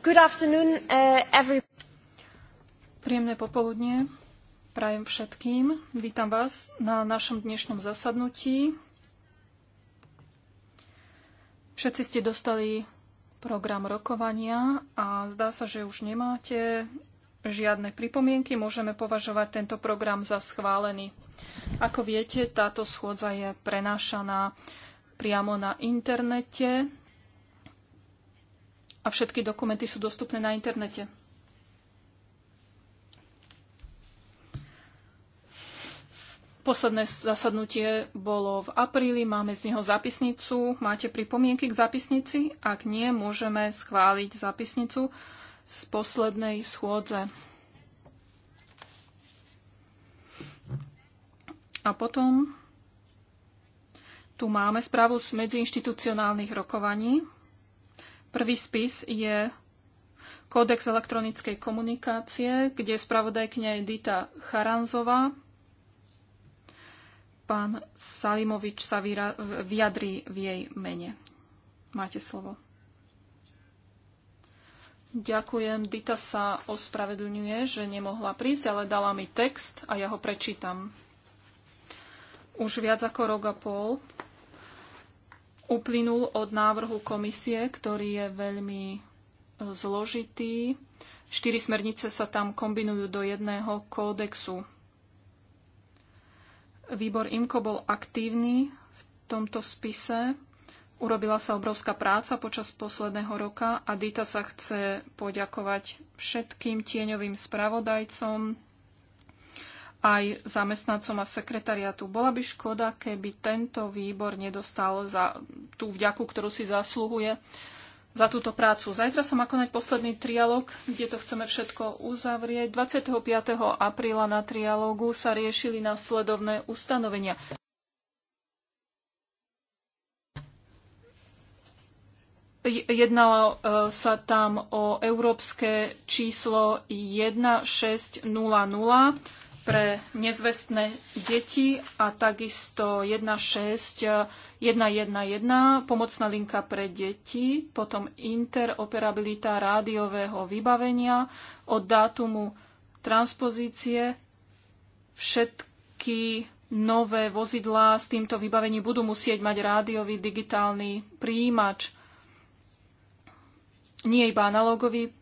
Good afternoon, uh, every... Príjemné popoludne prajem všetkým. Vítam vás na našom dnešnom zasadnutí. Všetci ste dostali program rokovania a zdá sa, že už nemáte žiadne pripomienky. Môžeme považovať tento program za schválený. Ako viete, táto schôdza je prenášaná priamo na internete, a všetky dokumenty sú dostupné na internete. Posledné zasadnutie bolo v apríli, máme z neho zapisnicu. Máte pripomienky k zapisnici? Ak nie, môžeme schváliť zapisnicu z poslednej schôdze. A potom tu máme správu z medziinštitucionálnych rokovaní. Prvý spis je Kódex elektronickej komunikácie, kde spravodajkňa je Dita Charanzová. Pán Salimovič sa vyjadrí v jej mene. Máte slovo. Ďakujem. Dita sa ospravedlňuje, že nemohla prísť, ale dala mi text a ja ho prečítam. Už viac ako rok a pol uplynul od návrhu komisie, ktorý je veľmi e, zložitý. Štyri smernice sa tam kombinujú do jedného kódexu. Výbor IMCO bol aktívny v tomto spise. Urobila sa obrovská práca počas posledného roka a Dita sa chce poďakovať všetkým tieňovým spravodajcom, aj zamestnancom a sekretariatu. Bola by škoda, keby tento výbor nedostal za tú vďaku, ktorú si zasluhuje za túto prácu. Zajtra sa má konať posledný trialog, kde to chceme všetko uzavrieť. 25. apríla na trialógu sa riešili následovné ustanovenia. Jednalo e, sa tam o európske číslo 1600 pre nezvestné deti a takisto 16111, pomocná linka pre deti, potom interoperabilita rádiového vybavenia od dátumu transpozície. Všetky nové vozidlá s týmto vybavením budú musieť mať rádiový digitálny príjimač. Nie iba analogový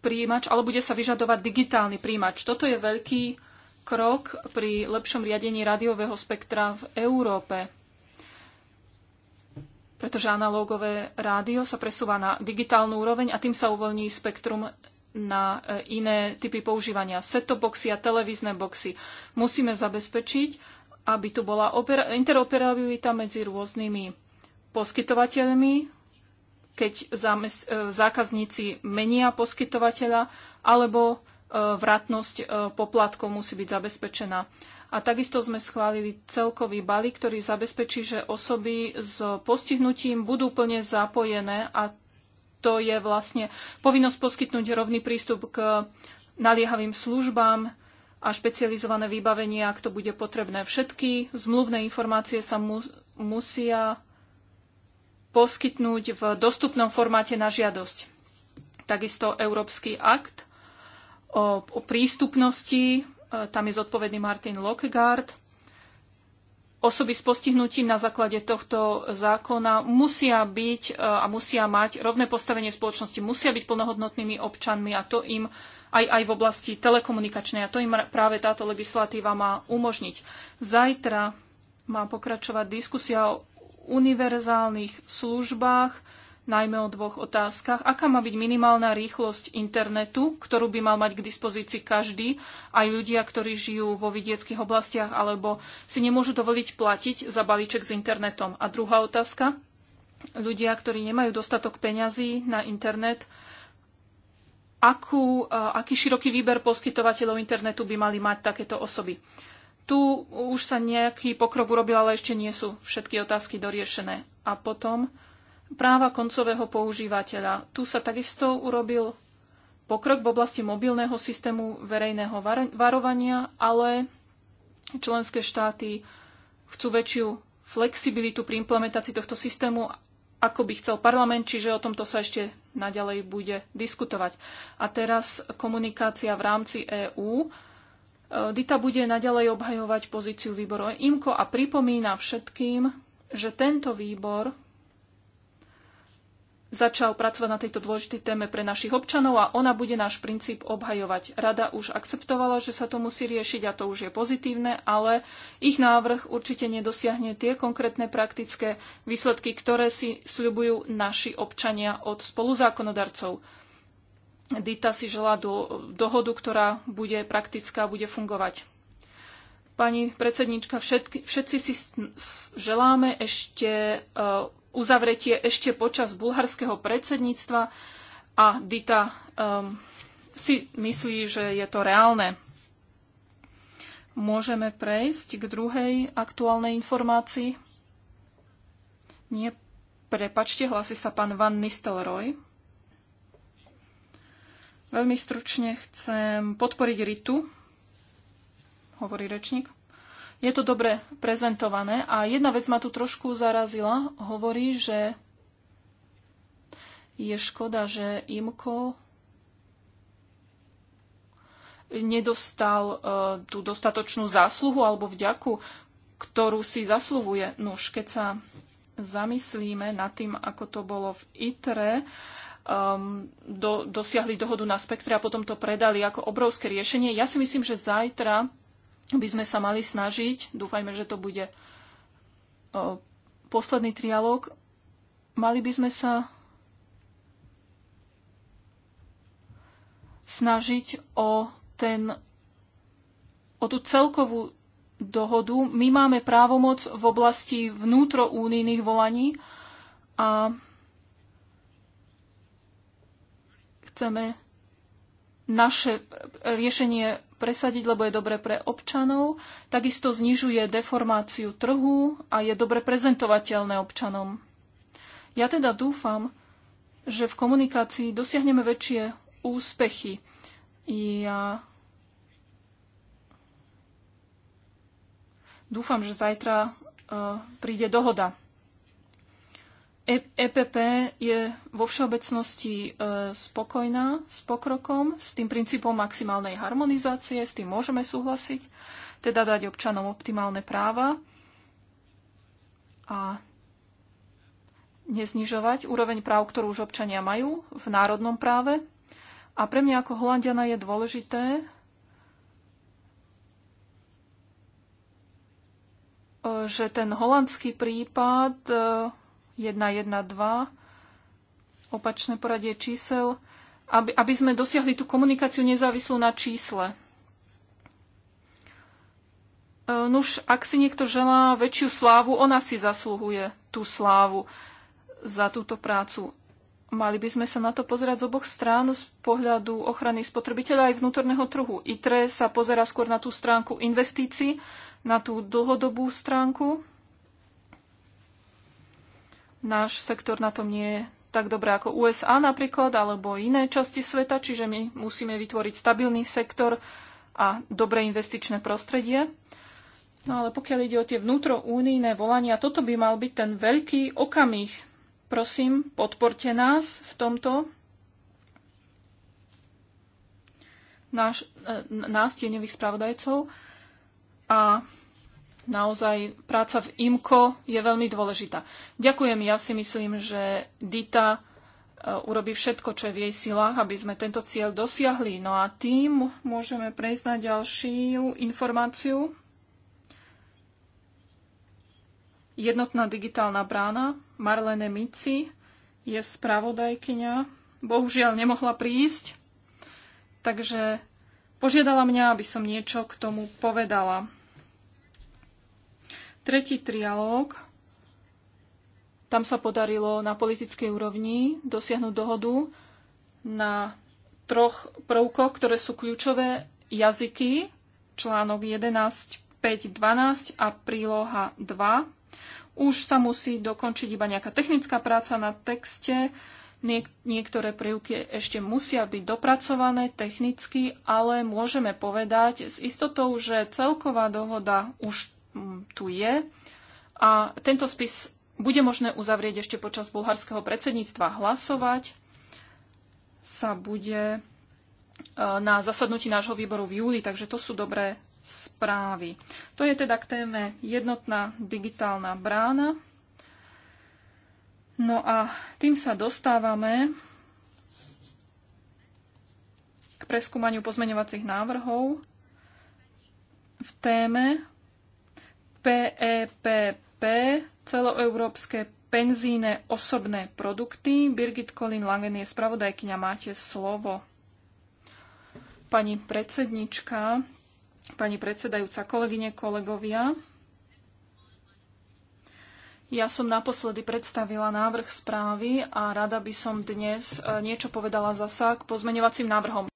príjimač, ale bude sa vyžadovať digitálny príjimač. Toto je veľký krok pri lepšom riadení rádiového spektra v Európe. Pretože analógové rádio sa presúva na digitálnu úroveň a tým sa uvoľní spektrum na e, iné typy používania. set boxy a televízne boxy. Musíme zabezpečiť, aby tu bola interoperabilita medzi rôznymi poskytovateľmi, keď e, zákazníci menia poskytovateľa, alebo vratnosť e, poplatkov musí byť zabezpečená. A takisto sme schválili celkový balík, ktorý zabezpečí, že osoby s postihnutím budú plne zapojené a to je vlastne povinnosť poskytnúť rovný prístup k naliehavým službám a špecializované vybavenie, ak to bude potrebné. Všetky zmluvné informácie sa mu- musia poskytnúť v dostupnom formáte na žiadosť. Takisto Európsky akt o, o prístupnosti, e, tam je zodpovedný Martin Lockgard. Osoby s postihnutím na základe tohto zákona musia byť e, a musia mať rovné postavenie spoločnosti, musia byť plnohodnotnými občanmi a to im aj, aj v oblasti telekomunikačnej. A to im práve táto legislatíva má umožniť. Zajtra má pokračovať diskusia o univerzálnych službách najmä o dvoch otázkach. Aká má byť minimálna rýchlosť internetu, ktorú by mal mať k dispozícii každý, aj ľudia, ktorí žijú vo vidieckých oblastiach alebo si nemôžu dovoliť platiť za balíček s internetom. A druhá otázka. Ľudia, ktorí nemajú dostatok peňazí na internet, akú, eh, aký široký výber poskytovateľov internetu by mali mať takéto osoby. Tu už sa nejaký pokrok urobil, ale ešte nie sú všetky otázky doriešené. A potom práva koncového používateľa. Tu sa takisto urobil pokrok v oblasti mobilného systému verejného varovania, ale členské štáty chcú väčšiu flexibilitu pri implementácii tohto systému, ako by chcel parlament, čiže o tomto sa ešte naďalej bude diskutovať. A teraz komunikácia v rámci EÚ. E, Dita bude naďalej obhajovať pozíciu výboru e IMKO a pripomína všetkým, že tento výbor začal pracovať na tejto dôležitej téme pre našich občanov a ona bude náš princíp obhajovať. Rada už akceptovala, že sa to musí riešiť a to už je pozitívne, ale ich návrh určite nedosiahne tie konkrétne praktické výsledky, ktoré si sľubujú naši občania od spoluzákonodarcov. Dita si žela do, dohodu, ktorá bude praktická a bude fungovať. Pani predsednička, všetky, všetci si želáme ešte uh, uzavretie ešte počas bulharského predsedníctva a Dita um, si myslí, že je to reálne. Môžeme prejsť k druhej aktuálnej informácii. Nie, prepačte, hlási sa pán Van Nistelrooy. Veľmi stručne chcem podporiť Ritu, hovorí rečník. Je to dobre prezentované a jedna vec ma tu trošku zarazila. Hovorí, že je škoda, že IMKO nedostal e, tú dostatočnú zásluhu alebo vďaku, ktorú si zasluhuje. Nuž, keď sa zamyslíme nad tým, ako to bolo v ITRE, um, do, dosiahli dohodu na spektre a potom to predali ako obrovské riešenie. Ja si myslím, že zajtra by sme sa mali snažiť, dúfajme, že to bude posledný trialóg, mali by sme sa snažiť o, ten, o tú celkovú dohodu. My máme právomoc v oblasti vnútroúnijných volaní a chceme naše riešenie presadiť, lebo je dobre pre občanov, takisto znižuje deformáciu trhu a je dobre prezentovateľné občanom. Ja teda dúfam, že v komunikácii dosiahneme väčšie úspechy. Ja dúfam, že zajtra uh, príde dohoda. EPP e je vo všeobecnosti e, spokojná s pokrokom, s tým princípom maximálnej harmonizácie, s tým môžeme súhlasiť, teda dať občanom optimálne práva a neznižovať úroveň práv, ktorú už občania majú v národnom práve. A pre mňa ako Holandiana je dôležité, e, že ten holandský prípad 112, opačné poradie čísel, aby, aby sme dosiahli tú komunikáciu nezávislú na čísle. E, nuž, ak si niekto želá väčšiu slávu, ona si zaslúhuje tú slávu za túto prácu. Mali by sme sa na to pozerať z oboch strán z pohľadu ochrany spotrebiteľa aj vnútorného trhu. ITRE sa pozera skôr na tú stránku investícií, na tú dlhodobú stránku Náš sektor na tom nie je tak dobré ako USA napríklad, alebo iné časti sveta, čiže my musíme vytvoriť stabilný sektor a dobré investičné prostredie. No ale pokiaľ ide o tie vnútroúnijné volania, toto by mal byť ten veľký okamih. Prosím, podporte nás v tomto. Náš, eh, nás tieňových spravodajcov. A Naozaj práca v IMKO je veľmi dôležitá. Ďakujem, ja si myslím, že Dita e, urobí všetko, čo je v jej silách, aby sme tento cieľ dosiahli. No a tým môžeme prejsť na ďalšiu informáciu. Jednotná digitálna brána Marlene Mici je spravodajkyňa. Bohužiaľ nemohla prísť, takže požiadala mňa, aby som niečo k tomu povedala. Tretí trialóg, tam sa podarilo na politickej úrovni dosiahnuť dohodu na troch prvkoch, ktoré sú kľúčové jazyky, článok 11, 5, 12 a príloha 2. Už sa musí dokončiť iba nejaká technická práca na texte, Niek- niektoré prvky ešte musia byť dopracované technicky, ale môžeme povedať s istotou, že celková dohoda už tu je. A tento spis bude možné uzavrieť ešte počas bulharského predsedníctva. Hlasovať sa bude e, na zasadnutí nášho výboru v júli, takže to sú dobré správy. To je teda k téme jednotná digitálna brána. No a tým sa dostávame k preskúmaniu pozmeňovacích návrhov v téme PEPP, e celoeurópske penzíne osobné produkty. Birgit Colin Langen je spravodajkyňa, máte slovo. Pani predsednička, pani predsedajúca, kolegyne, kolegovia, ja som naposledy predstavila návrh správy a rada by som dnes eh, niečo povedala zasa k pozmeňovacím návrhom.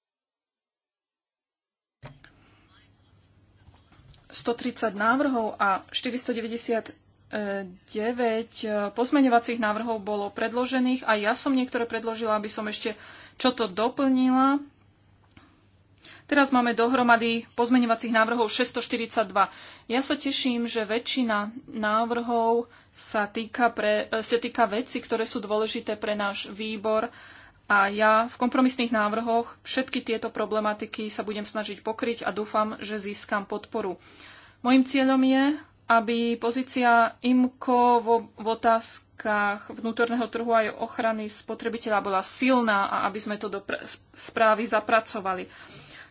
130 návrhov a 499 eh, pozmeňovacích návrhov bolo predložených a ja som niektoré predložila, aby som ešte čo to doplnila. Teraz máme dohromady pozmeňovacích návrhov 642. Ja sa teším, že väčšina návrhov sa týka, pre, eh, sa týka veci, ktoré sú dôležité pre náš výbor a ja v kompromisných návrhoch všetky tieto problematiky sa budem snažiť pokryť a dúfam, že získam podporu. Mojím cieľom je, aby pozícia IMCO v otázkach vnútorného trhu aj ochrany spotrebiteľa bola silná a aby sme to do správy zapracovali.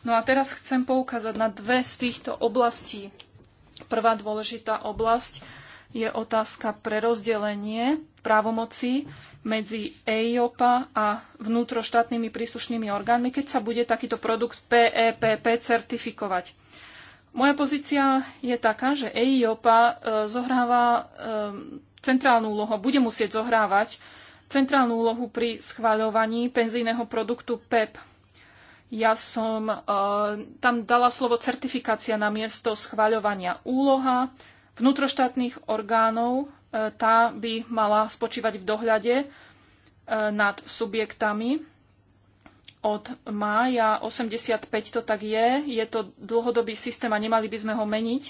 No a teraz chcem poukázať na dve z týchto oblastí. Prvá dôležitá oblasť je otázka prerozdelenie právomocí medzi EIOPA a vnútroštátnymi príslušnými orgánmi, keď sa bude takýto produkt PEPP e certifikovať. Moja pozícia je taká, že EIOPA e, zohráva e, centrálnu úlohu, bude musieť zohrávať centrálnu úlohu pri schváľovaní penzijného produktu PEP. Ja som tam dala slovo certifikácia na miesto schváľovania úloha, vnútroštátnych orgánov, e, tá by mala spočívať v dohľade e, nad subjektami. Od mája 85 to tak je. Je to dlhodobý systém a nemali by sme ho meniť.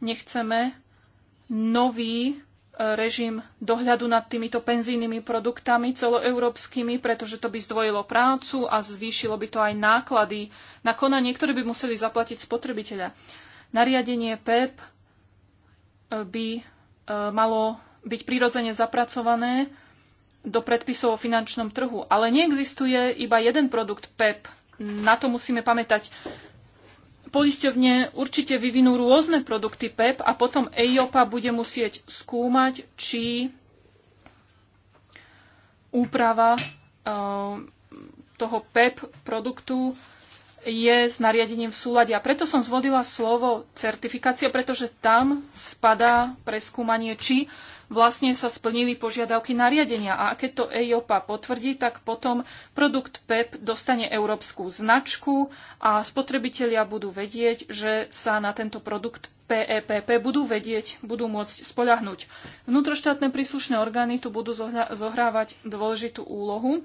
Nechceme nový e, režim dohľadu nad týmito penzijnými produktami celoeurópskymi, pretože to by zdvojilo prácu a zvýšilo by to aj náklady na konanie, ktoré by museli zaplatiť spotrebiteľa. Nariadenie PEP by e, malo byť prirodzene zapracované do predpisov o finančnom trhu. Ale neexistuje iba jeden produkt PEP. E Na to musíme pamätať. Poisťovne určite vyvinú rôzne produkty PEP e a potom EIOPA bude musieť skúmať, či úprava toho PEP produktu je s nariadením v súlade. A preto som zvodila slovo certifikácia, pretože tam spadá preskúmanie, či vlastne sa splnili požiadavky nariadenia. A keď to EIOPA potvrdí, tak potom produkt PEP e dostane európsku značku a spotrebitelia budú vedieť, že sa na tento produkt PEPP e budú vedieť, budú môcť spoľahnúť. Vnútroštátne príslušné orgány tu budú zohrávať dôležitú úlohu,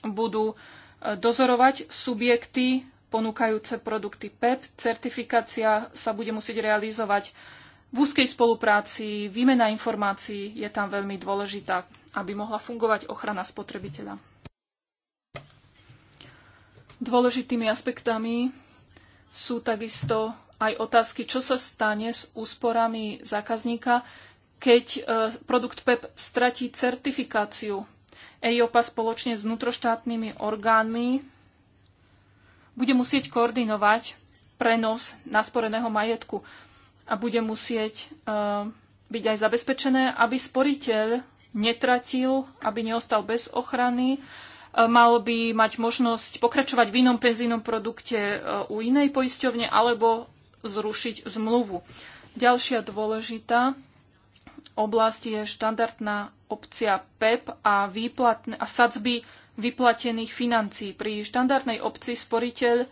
budú dozorovať subjekty ponúkajúce produkty PEP. E Certifikácia sa bude musieť realizovať v úzkej spolupráci, výmena informácií je tam veľmi dôležitá, aby mohla fungovať ochrana spotrebiteľa. Dôležitými aspektami sú takisto aj otázky, čo sa stane s úsporami zákazníka, keď e, produkt PEP e stratí certifikáciu EIOPA spoločne s vnútroštátnymi orgánmi bude musieť koordinovať prenos nasporeného majetku a bude musieť e, byť aj zabezpečené, aby sporiteľ netratil, aby neostal bez ochrany, e, mal by mať možnosť pokračovať v inom penzínom produkte e, u inej poisťovne alebo zrušiť zmluvu. Ďalšia dôležitá oblasť je štandardná opcia PEP a, výplatne, a sadzby vyplatených financií. Pri štandardnej obci sporiteľ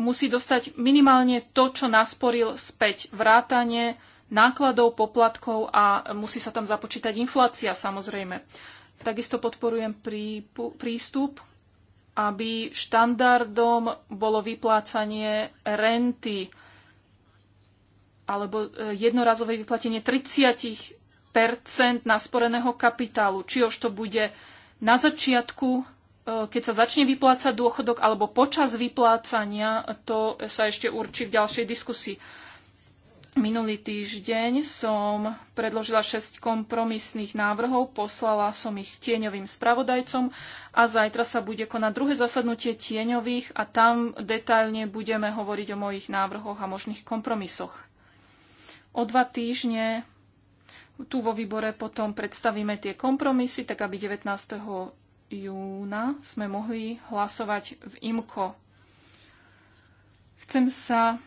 musí dostať minimálne to, čo nasporil späť. Vrátanie nákladov, poplatkov a musí sa tam započítať inflácia samozrejme. Takisto podporujem prístup, aby štandardom bolo vyplácanie renty alebo e, jednorazové vyplatenie 30 percent nasporeného kapitálu. Či už to bude na začiatku, e, keď sa začne vyplácať dôchodok, alebo počas vyplácania, to sa ešte určí v ďalšej diskusii. Minulý týždeň som predložila 6 kompromisných návrhov, poslala som ich tieňovým spravodajcom a zajtra sa bude konať druhé zasadnutie tieňových a tam detailne budeme hovoriť o mojich návrhoch a možných kompromisoch. O dva týždne tu vo výbore potom predstavíme tie kompromisy, tak aby 19. júna sme mohli hlasovať v IMKO. Chcem sa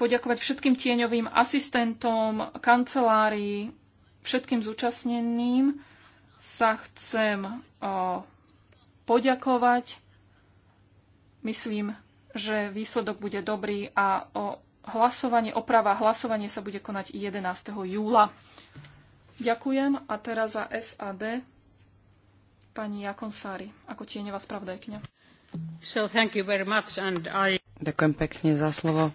poďakovať všetkým tieňovým asistentom, kancelárii, všetkým zúčastneným. Sa chcem poďakovať. Myslím, že výsledok bude dobrý a o, hlasovanie, oprava hlasovanie sa bude konať 11. júla. Ďakujem a teraz za SAD pani Jakonsári ako tieňová spravodajkňa. So thank you very much and I... Ďakujem pekne za slovo.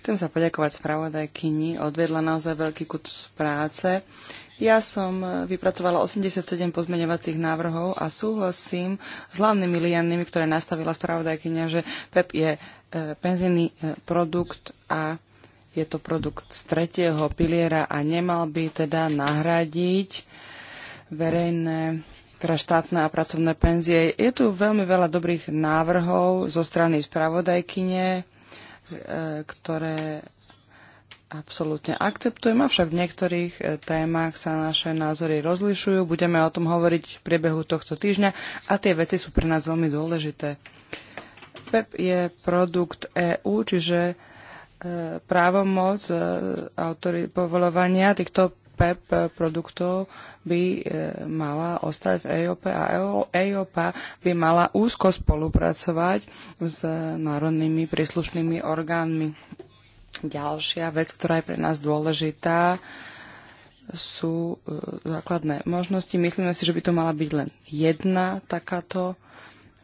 Chcem sa poďakovať spravodajkyni, odvedla naozaj veľký kus práce. Ja som e, vypracovala 87 pozmeňovacích návrhov a súhlasím s hlavnými lianmi, ktoré nastavila spravodajkyňa, že PEP je e, penzijný e, produkt a je to produkt z tretieho piliera a nemal by teda nahradiť verejné teda štátne a pracovné penzie. Je tu veľmi veľa dobrých návrhov zo strany spravodajkyne, ktoré absolútne akceptujem, avšak v niektorých e, témach sa naše názory rozlišujú. Budeme o tom hovoriť v priebehu tohto týždňa a tie veci sú pre nás veľmi dôležité. PEP je produkt EÚ, čiže e, právomoc e, autory povolovania týchto PEP produktov by mala ostať v EOP a EOP by mala úzko spolupracovať s národnými príslušnými orgánmi Ďalšia vec, ktorá je pre nás dôležitá, sú e, základné možnosti. Myslíme si, že by to mala byť len jedna takáto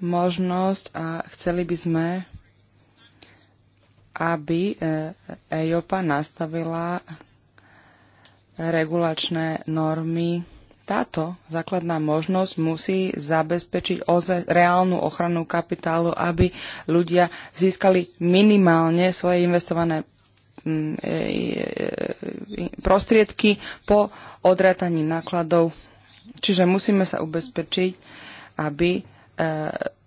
možnosť a chceli by sme, aby e, EIOPA nastavila regulačné normy. Táto základná možnosť musí zabezpečiť ozaj reálnu ochranu kapitálu, aby ľudia získali minimálne svoje investované Mm, e, e, e, prostriedky po odrátaní nákladov. Čiže musíme sa ubezpečiť, aby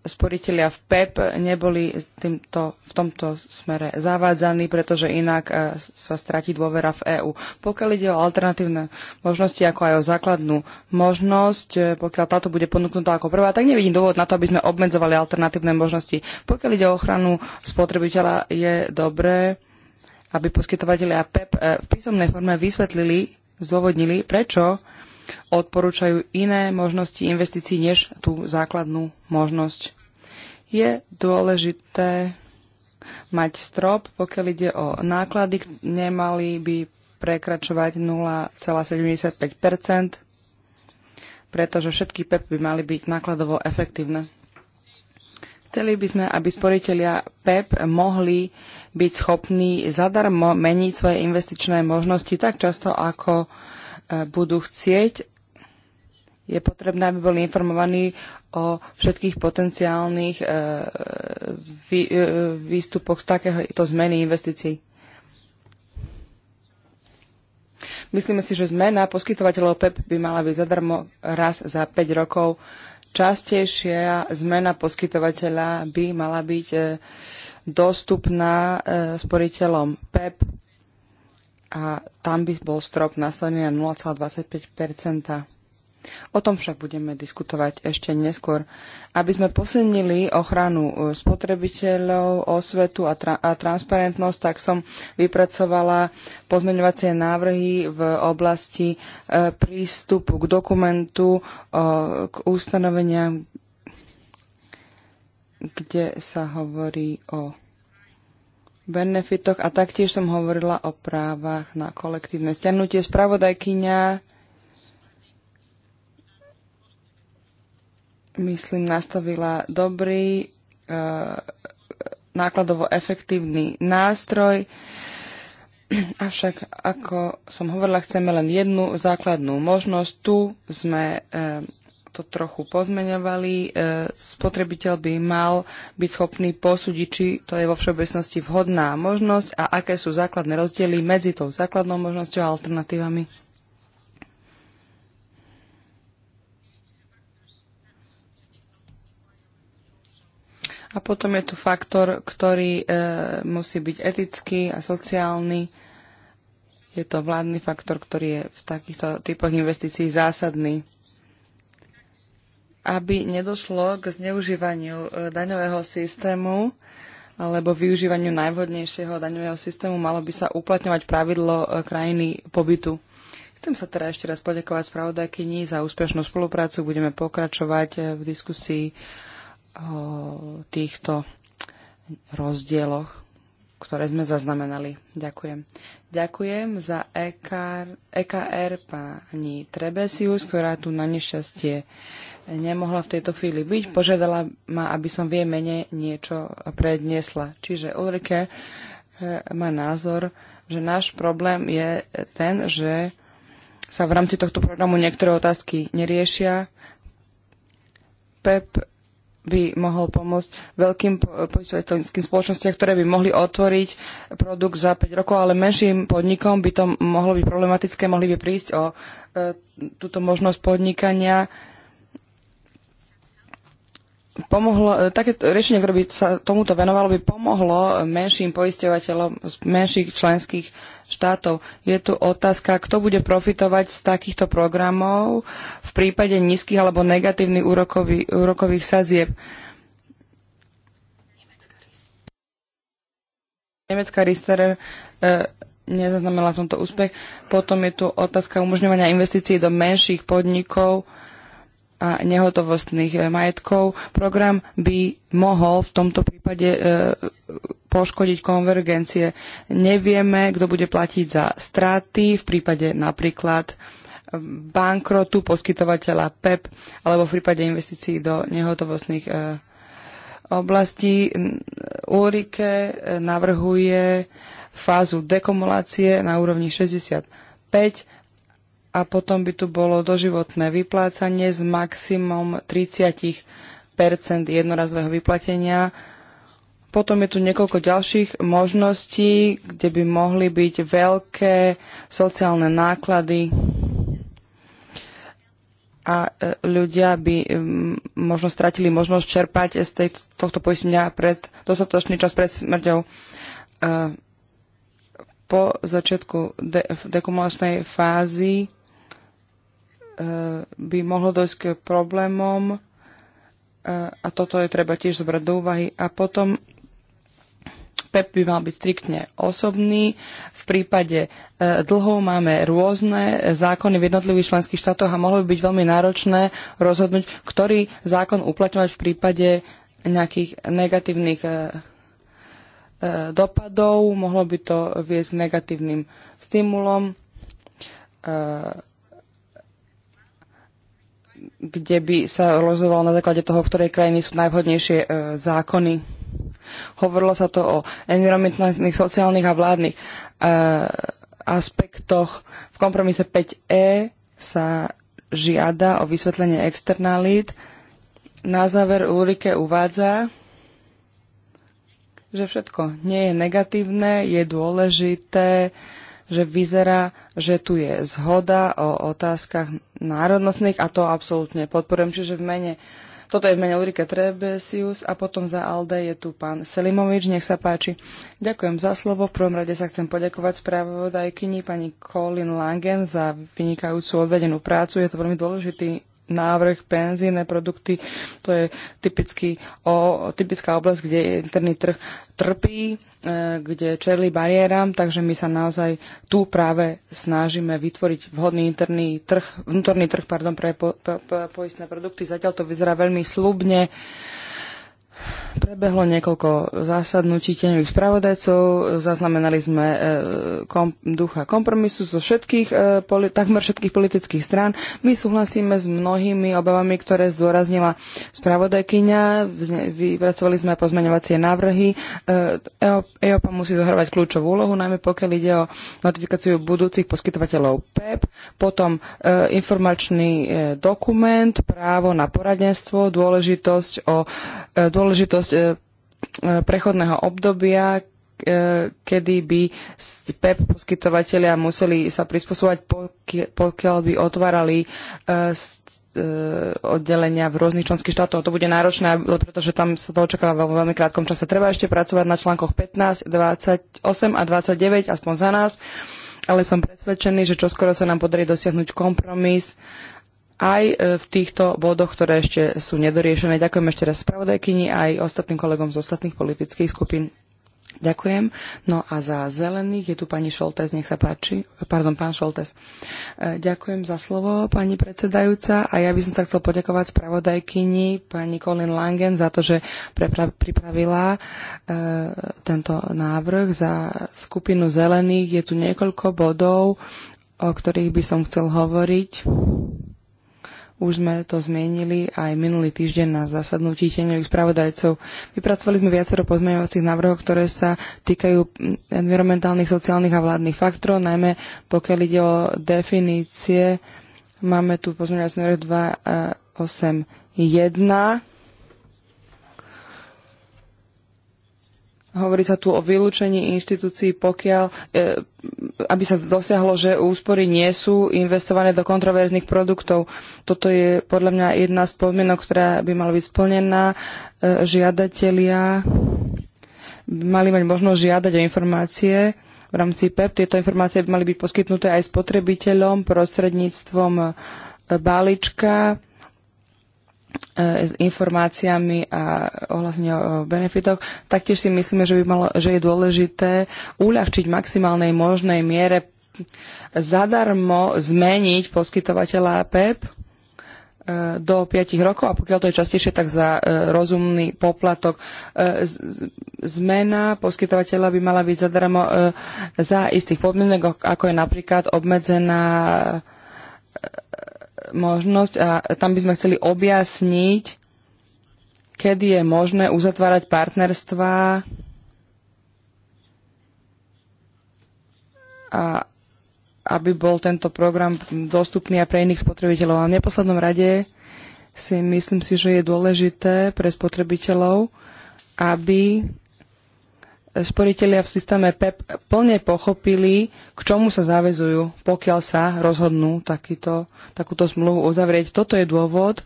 sporiteľia v PEP neboli týmto, v tomto smere zavádzaní, pretože inak sa stratí dôvera v EÚ. Pokiaľ ide o alternatívne možnosti, ako aj o základnú možnosť, pokiaľ táto bude ponúknutá ako prvá, tak nevidím dôvod na to, aby sme obmedzovali alternatívne možnosti. Pokiaľ ide o ochranu spotrebiteľa, je dobré, aby poskytovateľia PEP e, v písomnej forme vysvetlili, zdôvodnili, prečo odporúčajú iné možnosti investícií než tú základnú možnosť. Je dôležité mať strop, pokiaľ ide o náklady, nemali by prekračovať 0,75 pretože všetky PEP e by mali byť nákladovo efektívne. Chceli by sme, aby sporiteľia PEP e mohli byť schopní zadarmo meniť svoje investičné možnosti tak často, ako e, budú chcieť. Je potrebné, aby boli informovaní o všetkých potenciálnych e, výstupoch z takéhoto zmeny investícií. Myslíme si, že zmena poskytovateľov PEP by mala byť zadarmo raz za 5 rokov Častejšia zmena poskytovateľa by mala byť e, dostupná e, sporiteľom PEP e a tam by bol strop nastavený na 0,25 O tom však budeme diskutovať ešte neskôr. Aby sme posilnili ochranu e, spotrebiteľov, osvetu a, tra- a transparentnosť, tak som vypracovala pozmeňovacie návrhy v oblasti e, prístupu k dokumentu, e, k ustanoveniam, kde sa hovorí o benefitoch a taktiež som hovorila o právach na kolektívne stiahnutie. Spravodajkyňa myslím, nastavila dobrý, e, nákladovo efektívny nástroj. Avšak, ako som hovorila, chceme len jednu základnú možnosť. Tu sme e, to trochu pozmeňovali. Eh, spotrebiteľ by mal byť schopný posúdiť, či to je vo všeobecnosti vhodná možnosť a aké sú základné rozdiely medzi tou základnou možnosťou a alternatívami. A potom je tu faktor, ktorý e, musí byť etický a sociálny. Je to vládny faktor, ktorý je v takýchto typoch investícií zásadný. Aby nedošlo k zneužívaniu e, daňového systému alebo využívaniu najvhodnejšieho daňového systému, malo by sa uplatňovať pravidlo e, krajiny pobytu. Chcem sa teda ešte raz poďakovať spravodajkyni za úspešnú spoluprácu. Budeme pokračovať e, v diskusii o týchto rozdieloch, ktoré sme zaznamenali. Ďakujem. Ďakujem za EKR, EKR pani Trebesius, ktorá tu na nešťastie nemohla v tejto chvíli byť. Požiadala ma, aby som v jej mene niečo predniesla. Čiže Ulrike e, má názor, že náš problém je ten, že sa v rámci tohto programu niektoré otázky neriešia. PEP by mohol pomôcť veľkým poisťovateľským spoločnostiam, ktoré by mohli otvoriť produkt za 5 rokov, ale menším podnikom by to mohlo byť problematické, mohli by prísť o e, túto možnosť podnikania pomohlo, e, také riešenie, ktoré by sa tomuto venovalo, by pomohlo menším poisťovateľom z menších členských štátov. Je tu otázka, kto bude profitovať z takýchto programov v prípade nízkych alebo negatívnych úrokový, úrokových sadzieb. Nemecká Risterer e, nezaznamenala v tomto úspech. Potom je tu otázka umožňovania investícií do menších podnikov a nehotovostných eh, majetkov, program by mohol v tomto prípade e, poškodiť konvergencie. Nevieme, kto bude platiť za straty v prípade napríklad eh, bankrotu poskytovateľa PEP e alebo v prípade investícií do nehotovostných e, oblastí. Ulrike navrhuje fázu dekumulácie na úrovni 65 a potom by tu bolo doživotné vyplácanie s maximum 30 jednorazového vyplatenia. Potom je tu niekoľko ďalších možností, kde by mohli byť veľké sociálne náklady a e, ľudia by možno stratili možnosť čerpať z tohto poistenia pred dostatočný čas pred smrťou. E, po začiatku dekumulačnej fázy by mohlo dojsť k problémom e, a toto je treba tiež zobrať do úvahy. A potom PEP by mal byť striktne osobný. V prípade e, dlhov máme rôzne zákony v jednotlivých členských štátoch a mohlo by byť veľmi náročné rozhodnúť, ktorý zákon uplatňovať v prípade nejakých negatívnych e, dopadov, mohlo by to viesť k negatívnym stimulom kde by sa rozhodovalo na základe toho, v ktorej krajiny sú najvhodnejšie e, zákony. Hovorilo sa to o environmentálnych, sociálnych a vládnych e, aspektoch. V kompromise 5e sa žiada o vysvetlenie externalít. Na záver Ulrike uvádza, že všetko nie je negatívne, je dôležité, že vyzerá že tu je zhoda o otázkach národnostných a to absolútne podporujem. Čiže v mene, toto je v mene Ulrike Trebesius a potom za ALDE je tu pán Selimovič, nech sa páči. Ďakujem za slovo. V prvom rade sa chcem poďakovať spravodajkyni pani Colin Langen za vynikajúcu odvedenú prácu. Je to veľmi dôležitý návrh penzíne produkty. To je typický, o, typická oblasť, kde interný trh trpí, e, kde čelí bariéram, takže my sa naozaj tu práve snažíme vytvoriť vhodný interný trh, vnútorný trh pardon, pre po, po, po, poistné produkty. Zatiaľ to vyzerá veľmi slubne. E, Prebehlo niekoľko zásadnutí tieňových spravodajcov, zaznamenali sme e, kom, ducha kompromisu zo všetkých, e, poli, takmer všetkých politických strán. My súhlasíme s mnohými obavami, ktoré zdôraznila spravodajkyňa, vypracovali sme pozmeňovacie návrhy. E, EOPA musí zohrávať kľúčovú úlohu, najmä pokiaľ ide o notifikáciu budúcich poskytovateľov PEP, potom informačný dokument, právo na poradenstvo, dôležitosť o dôležitosť dôležitosť e, e, prechodného obdobia, e, kedy by PEP poskytovateľia museli sa prispôsobovať, pokiaľ by otvárali oddelenia v rôznych členských štátoch. To bude náročné, pretože tam sa to očakáva vo veľmi krátkom čase. Treba ešte pracovať na článkoch 15, 28 a 29, aspoň za nás, ale som presvedčený, že čoskoro sa nám podarí dosiahnuť kompromis aj e, v týchto bodoch, ktoré ešte sú nedoriešené. Ďakujem ešte raz spravodajkyni aj ostatným kolegom z ostatných politických skupín. Ďakujem. No a za zelených je tu pani Šoltes, nech sa páči. Pardon, pán Šoltes. E, ďakujem za slovo, pani predsedajúca. A ja by som sa chcel poďakovať spravodajkyni pani Colin Langen za to, že pripravila e, tento návrh za skupinu zelených. Je tu niekoľko bodov, o ktorých by som chcel hovoriť. Už sme to zmienili aj minulý týždeň na zasadnutí tieňových spravodajcov. Vypracovali sme viacero pozmeňovacích návrhov, ktoré sa týkajú environmentálnych, sociálnych a vládnych faktorov, najmä pokiaľ ide o definície. Máme tu pozmeňovací návrh 281 Hovorí sa tu o vylúčení inštitúcií, pokiaľ, e, aby sa dosiahlo, že úspory nie sú investované do kontroverzných produktov. Toto je podľa mňa jedna z podmienok, ktorá by mala byť splnená. E, žiadatelia mali mať možnosť žiadať o informácie v rámci PEP. Tieto informácie by mali byť poskytnuté aj spotrebiteľom prostredníctvom e, balíčka E, s informáciami a ohľadne o benefitoch. Taktiež si myslíme, že, by malo, že je dôležité uľahčiť maximálnej možnej miere zadarmo zmeniť poskytovateľa PEP e e, do 5 rokov a pokiaľ to je častejšie, tak za rozumný poplatok. Zmena poskytovateľa by mala byť zadarmo za istých podmienok, ako je napríklad obmedzená možnosť a tam by sme chceli objasniť, kedy je možné uzatvárať partnerstva, a aby bol tento program dostupný aj pre iných spotrebiteľov. A v neposlednom rade si myslím si, že je dôležité pre spotrebiteľov, aby sporiteľia v systéme PEP e plne pochopili, k čomu sa záväzujú, pokiaľ sa rozhodnú takýto, takúto zmluvu uzavrieť. Toto je dôvod,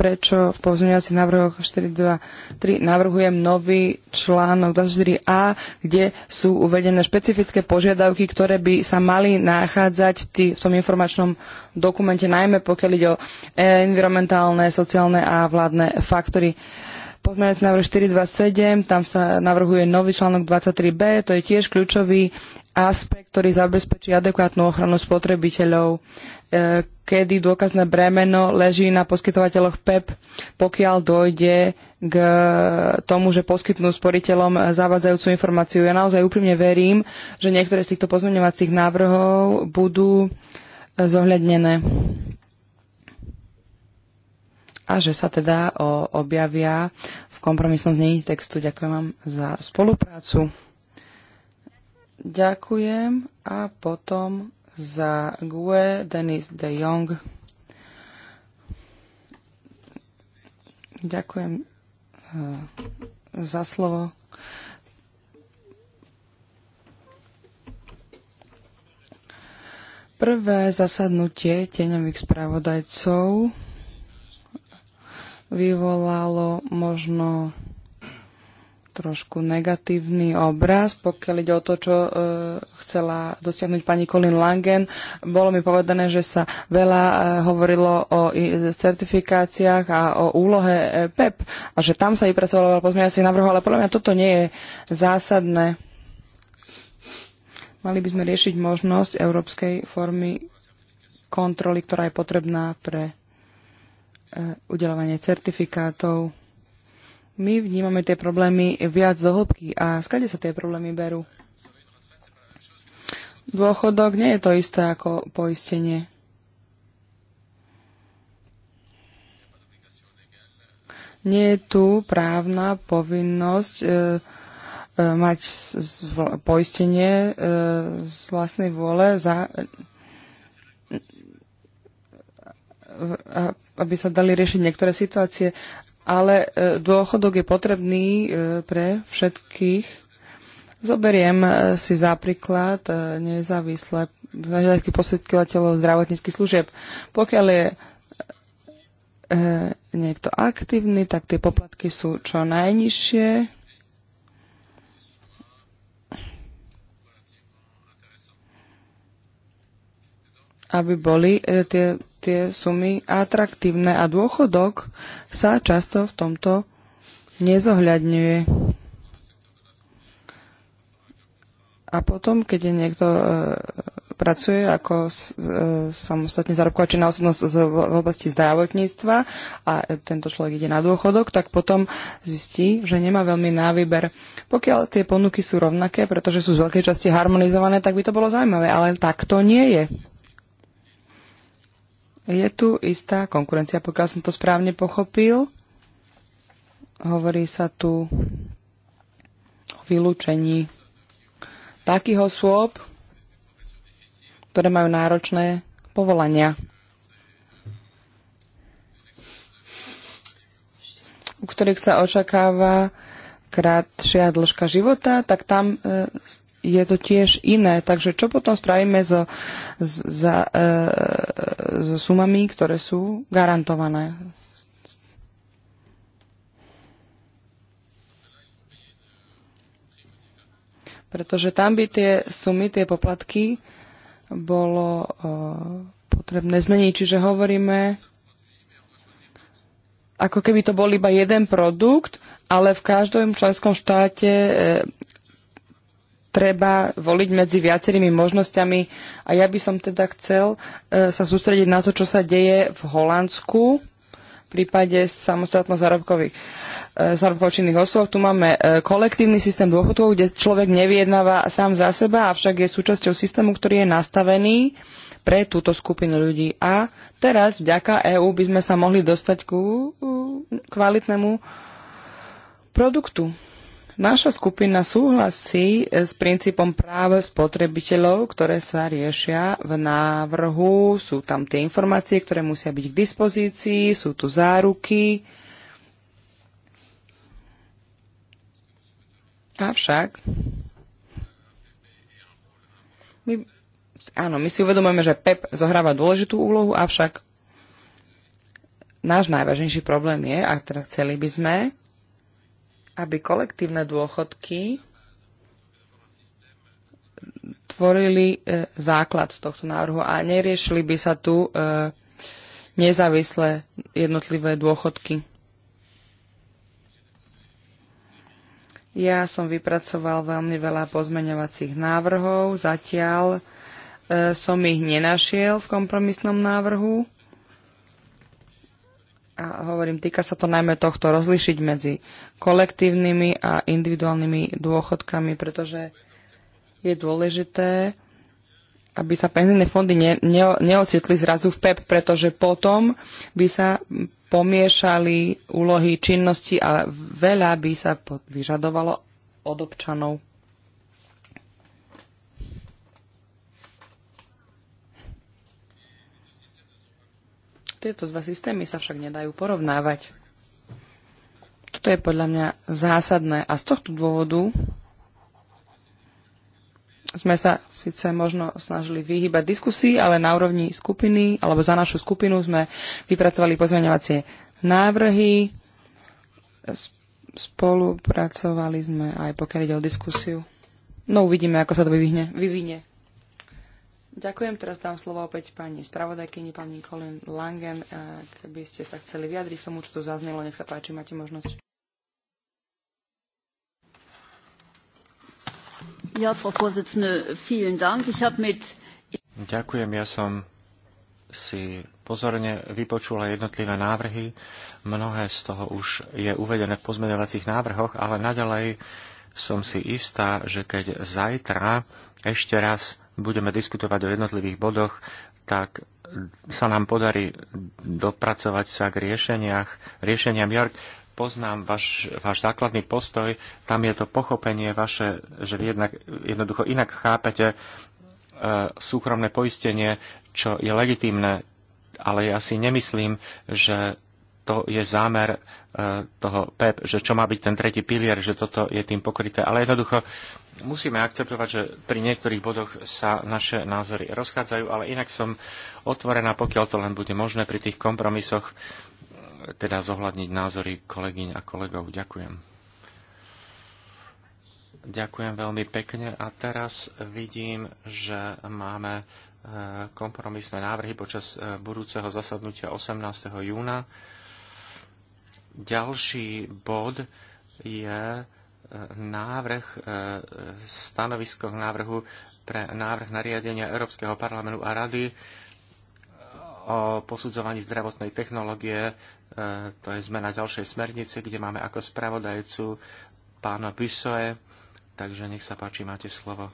prečo v pozmeňovacích návrhoch 4.2.3 navrhujem nový článok 24a, kde sú uvedené špecifické požiadavky, ktoré by sa mali nachádzať v tom informačnom dokumente, najmä pokiaľ ide o environmentálne, sociálne a vládne faktory. Uh, Pozmeňujúci návrh 427, tam sa navrhuje nový článok 23b, to je tiež kľúčový aspekt, ktorý zabezpečí adekvátnu ochranu spotrebiteľov, e, kedy dôkazné bremeno leží na poskytovateľoch PEP, e pokiaľ dojde k tomu, že poskytnú sporiteľom zavadzajúcu informáciu. Ja naozaj úprimne verím, že niektoré z týchto pozmeňovacích návrhov budú zohľadnené a že sa teda o, objavia v kompromisnom znení textu. Ďakujem vám za spoluprácu. Ďakujem a potom za GUE Denis de Jong. Ďakujem e, za slovo. Prvé zasadnutie tieňových spravodajcov vyvolalo možno trošku negatívny obraz, pokiaľ ide o to, čo e, chcela dosiahnuť pani Colin Langen. Bolo mi povedané, že sa veľa e, hovorilo o e, certifikáciách a o úlohe e, PEP a že tam sa vypracovalo pozmeňovacích návrhov, ale podľa mňa toto nie je zásadné. Mali by sme riešiť možnosť európskej formy kontroly, ktorá je potrebná pre E, udelovanie certifikátov. My vnímame tie problémy viac do hĺbky a skade sa tie problémy berú. Dôchodok nie je to isté ako poistenie. Nie je tu právna povinnosť e, e, mať z, z, poistenie e, z vlastnej vôle za, e, a, aby sa dali riešiť niektoré situácie, ale e, dôchodok je potrebný e, pre všetkých. Zoberiem e, si za príklad nezávislé nezávislých posvetkovateľov zdravotníckých služieb. Pokiaľ je niekto aktívny, tak tie poplatky sú čo najnižšie. aby boli tie tie sumy atraktívne a dôchodok sa často v tomto nezohľadňuje. A potom, keď je niekto e, pracuje ako e, samostatne zarobkovačená osobnosť z, v, v oblasti zdravotníctva a tento človek ide na dôchodok, tak potom zistí, že nemá veľmi na výber. Pokiaľ tie ponuky sú rovnaké, pretože sú z veľkej časti harmonizované, tak by to bolo zaujímavé, ale tak to nie je. Je tu istá konkurencia, pokiaľ som to správne pochopil. Hovorí sa tu o vylúčení takých osôb, ktoré majú náročné povolania. u ktorých sa očakáva krátšia dĺžka života, tak tam e, je to tiež iné. Takže čo potom spravíme so, s, za, e, so sumami, ktoré sú garantované? Pretože tam by tie sumy, tie poplatky bolo e, potrebné zmeniť. Čiže hovoríme, ako keby to bol iba jeden produkt, ale v každom členskom štáte e, treba voliť medzi viacerými možnosťami a ja by som teda chcel e, sa sústrediť na to, čo sa deje v Holandsku v prípade samostatno zárobkových e, osôb. Tu máme e, kolektívny systém dôchodkov, kde človek nevyjednáva sám za seba, avšak je súčasťou systému, ktorý je nastavený pre túto skupinu ľudí. A teraz vďaka EÚ by sme sa mohli dostať ku kvalitnému produktu. Naša skupina súhlasí e, s princípom práv spotrebiteľov, ktoré sa riešia v návrhu. Sú tam tie informácie, ktoré musia byť k dispozícii, sú tu záruky. Avšak my, áno, my si uvedomujeme, že PEP zohráva dôležitú úlohu, avšak náš najvážnejší problém je, a teda chceli by sme, aby kolektívne dôchodky tvorili e, základ tohto návrhu a neriešili by sa tu e, nezávislé jednotlivé dôchodky. Ja som vypracoval veľmi veľa pozmeňovacích návrhov, zatiaľ e, som ich nenašiel v kompromisnom návrhu. A hovorím, týka sa to najmä tohto rozlišiť medzi kolektívnymi a individuálnymi dôchodkami, pretože je dôležité, aby sa penzijné fondy ne, ne, neocitli zrazu v PEP, pretože potom by sa pomiešali úlohy činnosti a veľa by sa vyžadovalo od občanov. Tieto dva systémy sa však nedajú porovnávať. Toto je podľa mňa zásadné a z tohto dôvodu sme sa síce možno snažili vyhybať diskusii, ale na úrovni skupiny alebo za našu skupinu sme vypracovali pozmeňovacie návrhy. Spolupracovali sme aj pokiaľ ide o diskusiu. No uvidíme, ako sa to vyvinie. Ďakujem, teraz dám slovo opäť pani spravodajkyni, pani Colin Langen, eh, keby ste sa chceli vyjadriť k tomu, čo tu zaznelo, nech sa páči, máte možnosť. Ja, Frau Vorsitzende, vielen Dank. Ich habe mit... Ďakujem, ja som si pozorne vypočula jednotlivé návrhy. Mnohé z toho už je uvedené v pozmeňovacích návrhoch, ale naďalej som si istá, že keď zajtra ešte raz budeme diskutovať o jednotlivých bodoch, tak sa nám podarí dopracovať sa k riešeniach, riešeniam Jörg poznám váš, váš základný postoj, tam je to pochopenie vaše, že vy jednak, jednoducho inak chápete e, súkromné poistenie, čo je legitímne, ale ja si nemyslím, že to je zámer e, toho PEP, že čo má byť ten tretí pilier, že toto je tým pokryté. Ale jednoducho musíme akceptovať, že pri niektorých bodoch sa naše názory rozchádzajú, ale inak som otvorená, pokiaľ to len bude možné pri tých kompromisoch, e, teda zohľadniť názory kolegyň a kolegov. Ďakujem. Ďakujem veľmi pekne a teraz vidím, že máme e, kompromisné návrhy počas budúceho zasadnutia 18. júna. Ďalší bod je e, návrh e, stanovisko k návrhu pre návrh nariadenia Európskeho parlamentu a rady o posudzovaní zdravotnej technológie. E, to je zmena ďalšej smernice, kde máme ako spravodajcu pána Busoe. Takže nech sa páči, máte slovo.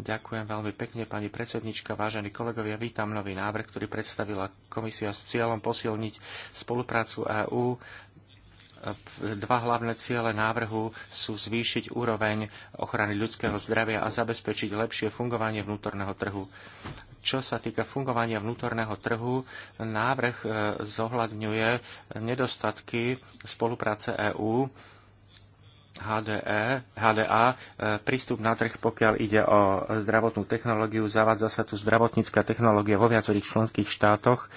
Ďakujem veľmi pekne, pani predsednička, vážení kolegovia. Vítam nový návrh, ktorý predstavila komisia s cieľom posilniť spoluprácu EÚ Dva hlavné ciele návrhu sú zvýšiť úroveň ochrany ľudského zdravia a zabezpečiť lepšie fungovanie vnútorného trhu. Čo sa týka fungovania vnútorného trhu, návrh e, zohľadňuje nedostatky spolupráce EÚ HDE, HDA e, prístup na trh, pokiaľ ide o zdravotnú technológiu. Zavádza sa tu zdravotnícka technológia vo viacerých členských štátoch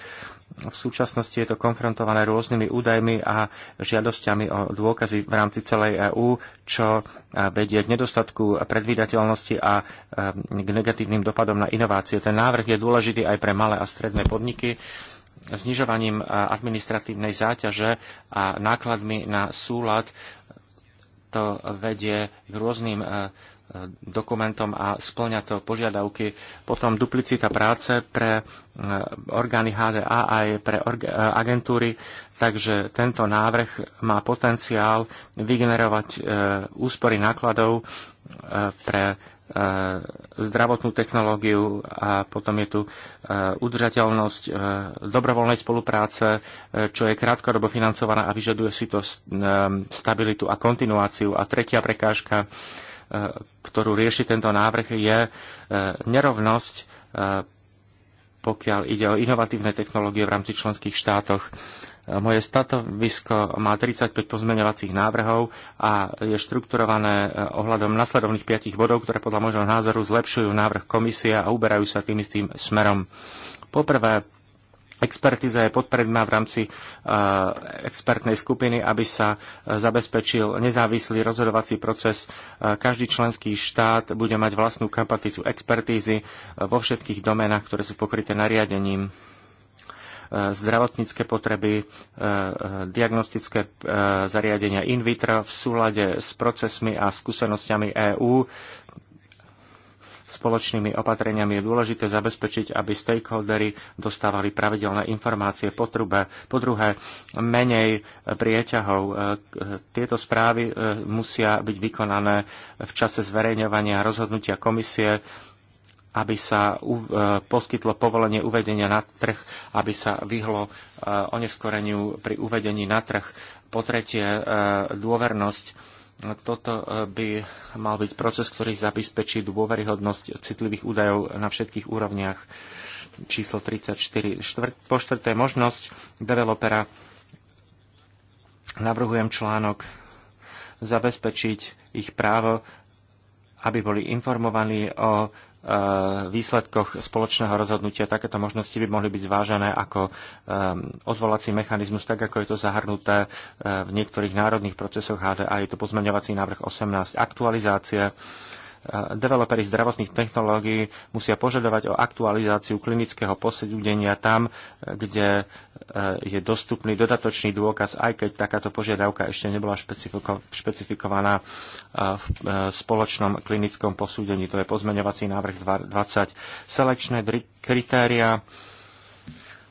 v súčasnosti je to konfrontované rôznymi údajmi a žiadosťami o dôkazy v rámci celej EÚ, čo e, vedie k nedostatku predvídateľnosti a e, k negatívnym dopadom na inovácie. Ten návrh je dôležitý aj pre malé a stredné podniky znižovaním e, administratívnej záťaže a nákladmi na súlad to vedie k rôznym dokumentom a splňa to požiadavky. Potom duplicita práce pre e, orgány HDA aj pre e, agentúry, takže tento návrh má potenciál vygenerovať e, úspory nákladov pre zdravotnú technológiu a potom je tu udržateľnosť dobrovoľnej spolupráce, čo je krátkodobo financovaná a vyžaduje si to stabilitu a kontinuáciu. A tretia prekážka E, ktorú rieši tento návrh, je e, nerovnosť, e, pokiaľ ide o inovatívne technológie v rámci členských štátoch. Moje statovisko má 35 pozmeňovacích návrhov a je štrukturované ohľadom nasledovných 5 bodov, ktoré podľa môjho názoru zlepšujú návrh komisie a uberajú sa tým istým smerom. Poprvé, Expertíza je podpredná v rámci e, expertnej skupiny, aby sa e, zabezpečil nezávislý rozhodovací proces. E, každý členský štát bude mať vlastnú kapacitu expertízy vo všetkých domenách, ktoré sú pokryté nariadením zdravotnícke potreby, diagnostické zariadenia in vitro v súlade s procesmi a skúsenosťami EÚ, Spoločnými opatreniami je dôležité zabezpečiť, aby stakeholdery dostávali pravidelné informácie po, trube, po druhé menej prieťahov. E, tieto správy e, musia byť vykonané v čase zverejňovania rozhodnutia komisie aby sa e, poskytlo povolenie uvedenia na trh, aby sa vyhlo oneskoreniu pri uvedení na trh. Po tretie, dôvernosť No, toto e, by mal byť proces, ktorý zabezpečí dôveryhodnosť citlivých údajov na všetkých úrovniach. Číslo 34. Štvrt, po štvrté možnosť developera navrhujem článok zabezpečiť ich právo, aby boli informovaní o Eh, výsledkoch spoločného rozhodnutia takéto možnosti by mohli byť zvážené ako eh, odvolací mechanizmus, tak ako je to zahrnuté eh, v niektorých národných procesoch HDA. Je to pozmeňovací návrh 18. Aktualizácia developeri zdravotných technológií musia požadovať o aktualizáciu klinického posúdenia tam, kde e, je dostupný dodatočný dôkaz, aj keď takáto požiadavka ešte nebola špecifiko špecifikovaná e, v e, spoločnom klinickom posúdení. To je pozmeňovací návrh 20. Selekčné kritéria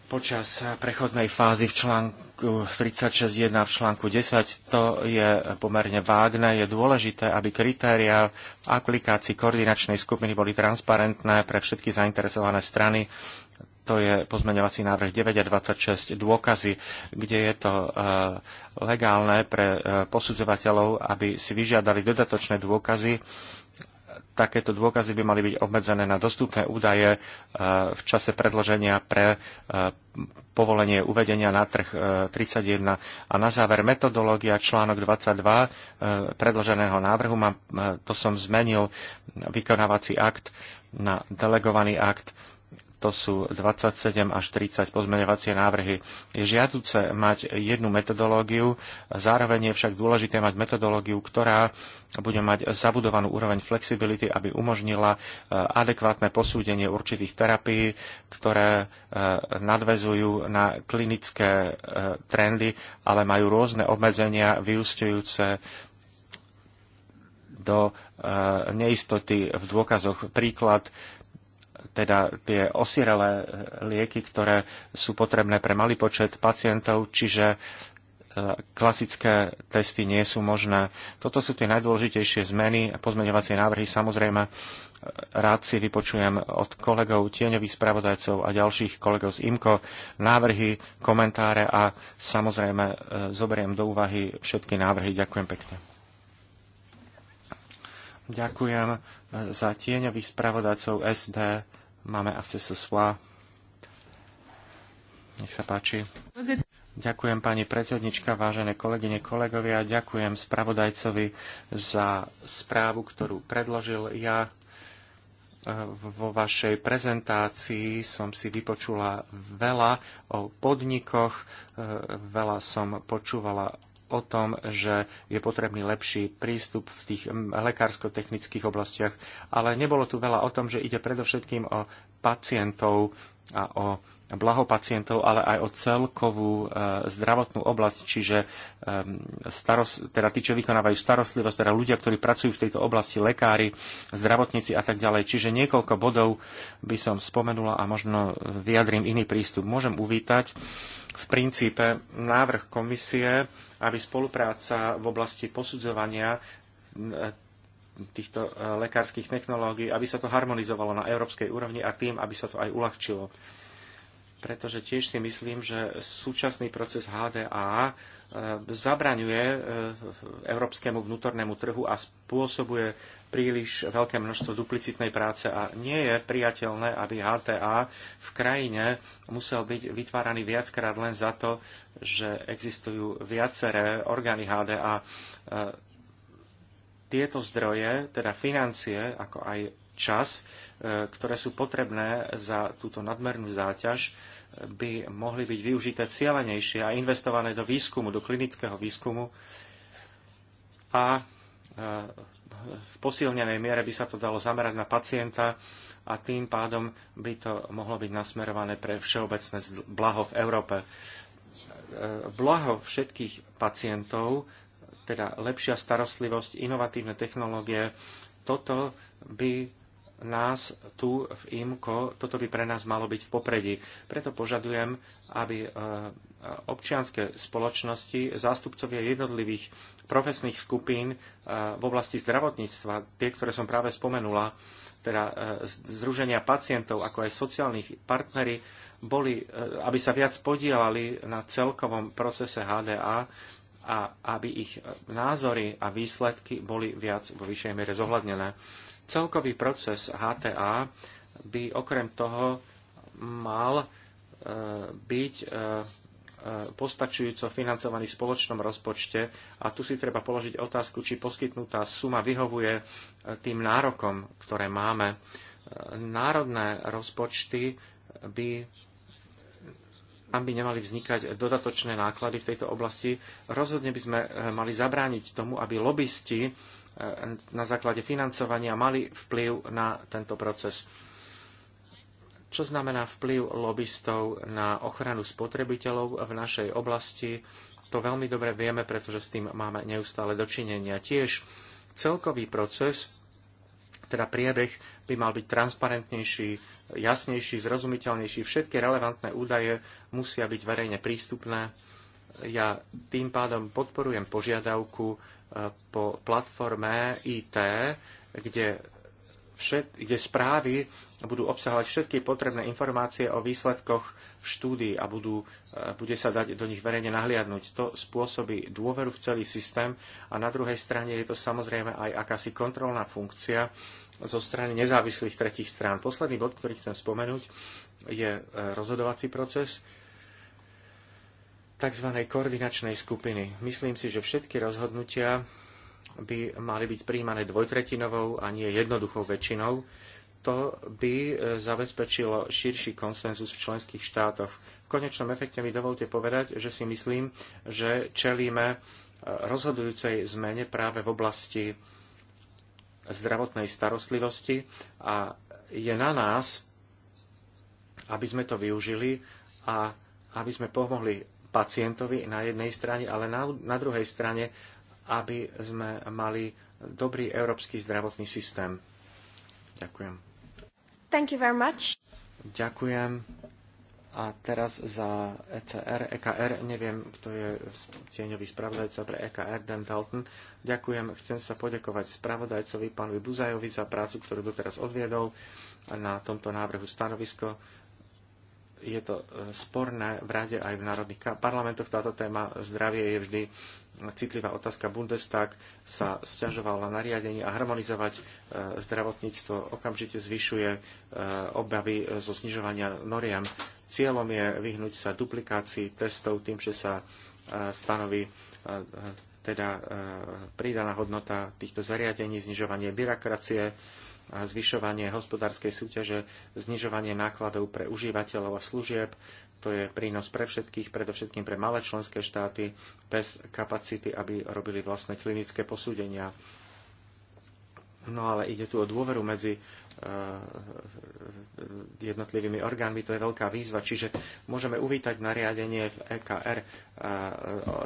počas prechodnej fázy v článku 36.1 eh, v článku 10, to je pomerne vágne. Je dôležité, aby kritéria v aplikácii koordinačnej skupiny boli transparentné pre všetky zainteresované strany. To je pozmeňovací návrh 9 a 26 dôkazy, kde je to eh, legálne pre eh, posudzovateľov, aby si vyžiadali dodatočné dôkazy, takéto dôkazy by mali byť obmedzené na dostupné údaje v čase predloženia pre povolenie uvedenia na trh 31 e, a na záver metodológia článok 22 e, predloženého návrhu. Mám, e, to som zmenil vykonávací akt na delegovaný akt to sú 27 až 30 pozmeňovacie návrhy. Je žiaduce mať jednu metodológiu, zároveň je však dôležité mať metodológiu, ktorá bude mať zabudovanú úroveň flexibility, aby umožnila e, adekvátne posúdenie určitých terapií, ktoré e, nadvezujú na klinické e, trendy, ale majú rôzne obmedzenia vyústujúce do neistoty v dôkazoch. Príklad teda tie osirelé lieky, ktoré sú potrebné pre malý počet pacientov, čiže e, klasické testy nie sú možné. Toto sú tie najdôležitejšie zmeny a pozmeňovacie návrhy. Samozrejme, e, rád si vypočujem od kolegov, tieňových spravodajcov a ďalších kolegov z IMKO návrhy, komentáre a samozrejme e, zoberiem do úvahy všetky návrhy. Ďakujem pekne. Ďakujem e, za tieňových spravodajcov SD. Máme accessoire. Nech sa páči. Ďakujem pani predsednička, vážené kolegyne, kolegovia. Ďakujem spravodajcovi za správu, ktorú predložil ja. E, vo vašej prezentácii som si vypočula veľa o podnikoch, e, veľa som počúvala o tom, že je potrebný lepší prístup v tých lekársko-technických oblastiach, ale nebolo tu veľa o tom, že ide predovšetkým o pacientov a o blaho pacientov, ale aj o celkovú e, zdravotnú oblasť, čiže starost, teda tí, čo vykonávajú starostlivosť, teda ľudia, ktorí pracujú v tejto oblasti, lekári, zdravotníci a tak ďalej. Čiže niekoľko bodov by som spomenula a možno vyjadrím iný prístup. Môžem uvítať v princípe návrh komisie, aby spolupráca v oblasti posudzovania e, týchto e, lekárskych technológií, aby sa to harmonizovalo na európskej úrovni a tým, aby sa to aj uľahčilo. Pretože tiež si myslím, že súčasný proces HDA e, zabraňuje európskemu vnútornému trhu a spôsobuje príliš veľké množstvo duplicitnej práce a nie je priateľné, aby HTA v krajine musel byť vytváraný viackrát len za to, že existujú viaceré orgány HDA. E, tieto zdroje, teda financie, ako aj čas, e, ktoré sú potrebné za túto nadmernú záťaž, e, by mohli byť využité cieľenejšie a investované do výskumu, do klinického výskumu a v posilnenej miere by sa to dalo zamerať na pacienta a tým pádom by to mohlo byť nasmerované pre všeobecné blaho v Európe. E, blaho všetkých pacientov, teda lepšia starostlivosť, inovatívne technológie, toto by nás tu v IMKO, toto by pre nás malo byť v popredí. Preto požadujem, aby e, občianske spoločnosti, zástupcovia jednotlivých profesných skupín e, v oblasti zdravotníctva, tie, ktoré som práve spomenula, teda e, združenia pacientov, ako aj sociálnych partnery, boli, aby sa viac podielali na celkovom procese HDA a aby ich názory a výsledky boli viac vo vyššej miere zohľadnené Celkový proces HTA by okrem toho mal e, byť e, e, postačujúco financovaný v spoločnom rozpočte a tu si treba položiť otázku, či poskytnutá suma vyhovuje tým nárokom, ktoré máme. Národné rozpočty by tam by nemali vznikať dodatočné náklady v tejto oblasti. Rozhodne by sme mali zabrániť tomu, aby lobbysti na základe financovania mali vplyv na tento proces. Čo znamená vplyv lobbystov na ochranu spotrebiteľov v našej oblasti? To veľmi dobre vieme, pretože s tým máme neustále dočinenia. Tiež celkový proces, teda priebeh, by mal byť transparentnejší, jasnejší, zrozumiteľnejší. Všetky relevantné údaje musia byť verejne prístupné ja tým pádom podporujem požiadavku e, po platforme IT, kde, všet, kde správy budú obsahovať všetky potrebné informácie o výsledkoch štúdií a budú, e, bude sa dať do nich verejne nahliadnúť. To spôsobí dôveru v celý systém a na druhej strane je to samozrejme aj akási kontrolná funkcia zo strany nezávislých tretich strán. Posledný bod, ktorý chcem spomenúť, je e, rozhodovací proces tzv. koordinačnej skupiny. Myslím si, že všetky rozhodnutia by mali byť príjmané dvojtretinovou a nie jednoduchou väčšinou. To by e, zabezpečilo širší konsenzus v členských štátoch. V konečnom efekte mi dovolte povedať, že si myslím, že čelíme e, rozhodujúcej zmene práve v oblasti zdravotnej starostlivosti a je na nás, aby sme to využili a aby sme pomohli pacientovi na jednej strane, ale na, na druhej strane, aby sme mali dobrý európsky zdravotný systém. Ďakujem. Thank you very much. Ďakujem. A teraz za ECR, EKR, neviem, kto je tieňový spravodajca pre EKR, Dan Dalton. Ďakujem, chcem sa poďakovať spravodajcovi, pánovi Buzajovi, za prácu, ktorú doteraz odviedol na tomto návrhu stanovisko je to e, sporné v rade aj v národných parlamentoch. Táto téma zdravie je vždy citlivá otázka. Bundestag sa stiažoval na nariadenie a harmonizovať e, zdravotníctvo okamžite zvyšuje e, obavy zo znižovania noriem. Cieľom je vyhnúť sa duplikácii testov tým, že sa stanoví teda pridaná hodnota týchto zariadení, znižovanie byrokracie zvyšovanie hospodárskej súťaže, znižovanie nákladov pre užívateľov a služieb. To je prínos pre všetkých, predovšetkým pre malé členské štáty, bez kapacity, aby robili vlastné klinické posúdenia. No ale ide tu o dôveru medzi Eh, jednotlivými orgánmi, to je veľká výzva. Čiže môžeme uvítať nariadenie v EKR. Eh,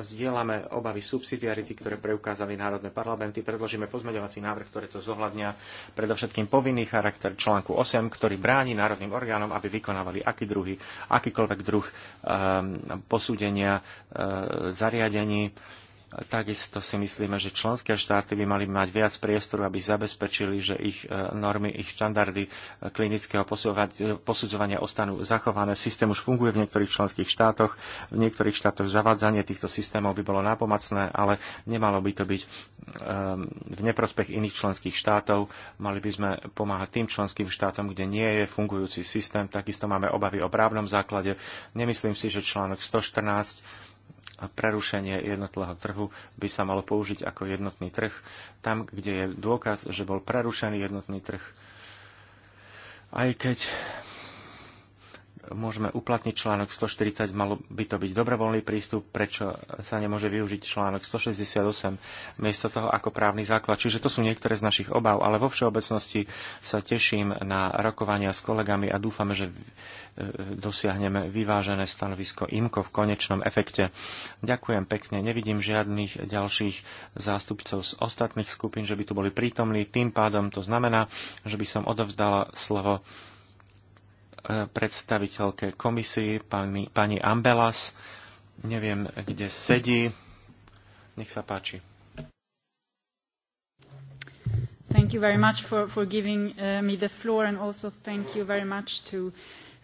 zdieľame obavy subsidiarity, ktoré preukázali národné parlamenty. Predložíme pozmeňovací návrh, ktoré to zohľadnia predovšetkým povinný charakter článku 8, ktorý bráni národným orgánom, aby vykonávali aký druhý, akýkoľvek druh eh, posúdenia zariadení Takisto si myslíme, že členské štáty by mali mať viac priestoru, aby zabezpečili, že ich e, normy, ich štandardy e, klinického e, posudzovania ostanú zachované. Systém už funguje v niektorých členských štátoch. V niektorých štátoch zavádzanie týchto systémov by bolo nápomacné, ale nemalo by to byť v neprospech iných členských štátov. Mali by sme pomáhať tým členským štátom, kde nie je fungujúci systém. Takisto máme obavy o právnom základe. Nemyslím si, že článok 114 a prerušenie jednotného trhu by sa malo použiť ako jednotný trh tam, kde je dôkaz, že bol prerušený jednotný trh. Aj keď môžeme uplatniť článok 140, malo by to byť dobrovoľný prístup, prečo sa nemôže využiť článok 168 miesto toho ako právny základ. Čiže to sú niektoré z našich obav, ale vo všeobecnosti sa teším na rokovania s kolegami a dúfame, že e, dosiahneme vyvážené stanovisko IMKO v konečnom efekte. Ďakujem pekne, nevidím žiadnych ďalších zástupcov z ostatných skupín, že by tu boli prítomní. Tým pádom to znamená, že by som odovzdala slovo predstaviteľke komisii, pani, pani Ambelas. Neviem, kde sedí. Nech sa páči. Thank you very much for, for giving uh, me the floor and also thank you very much to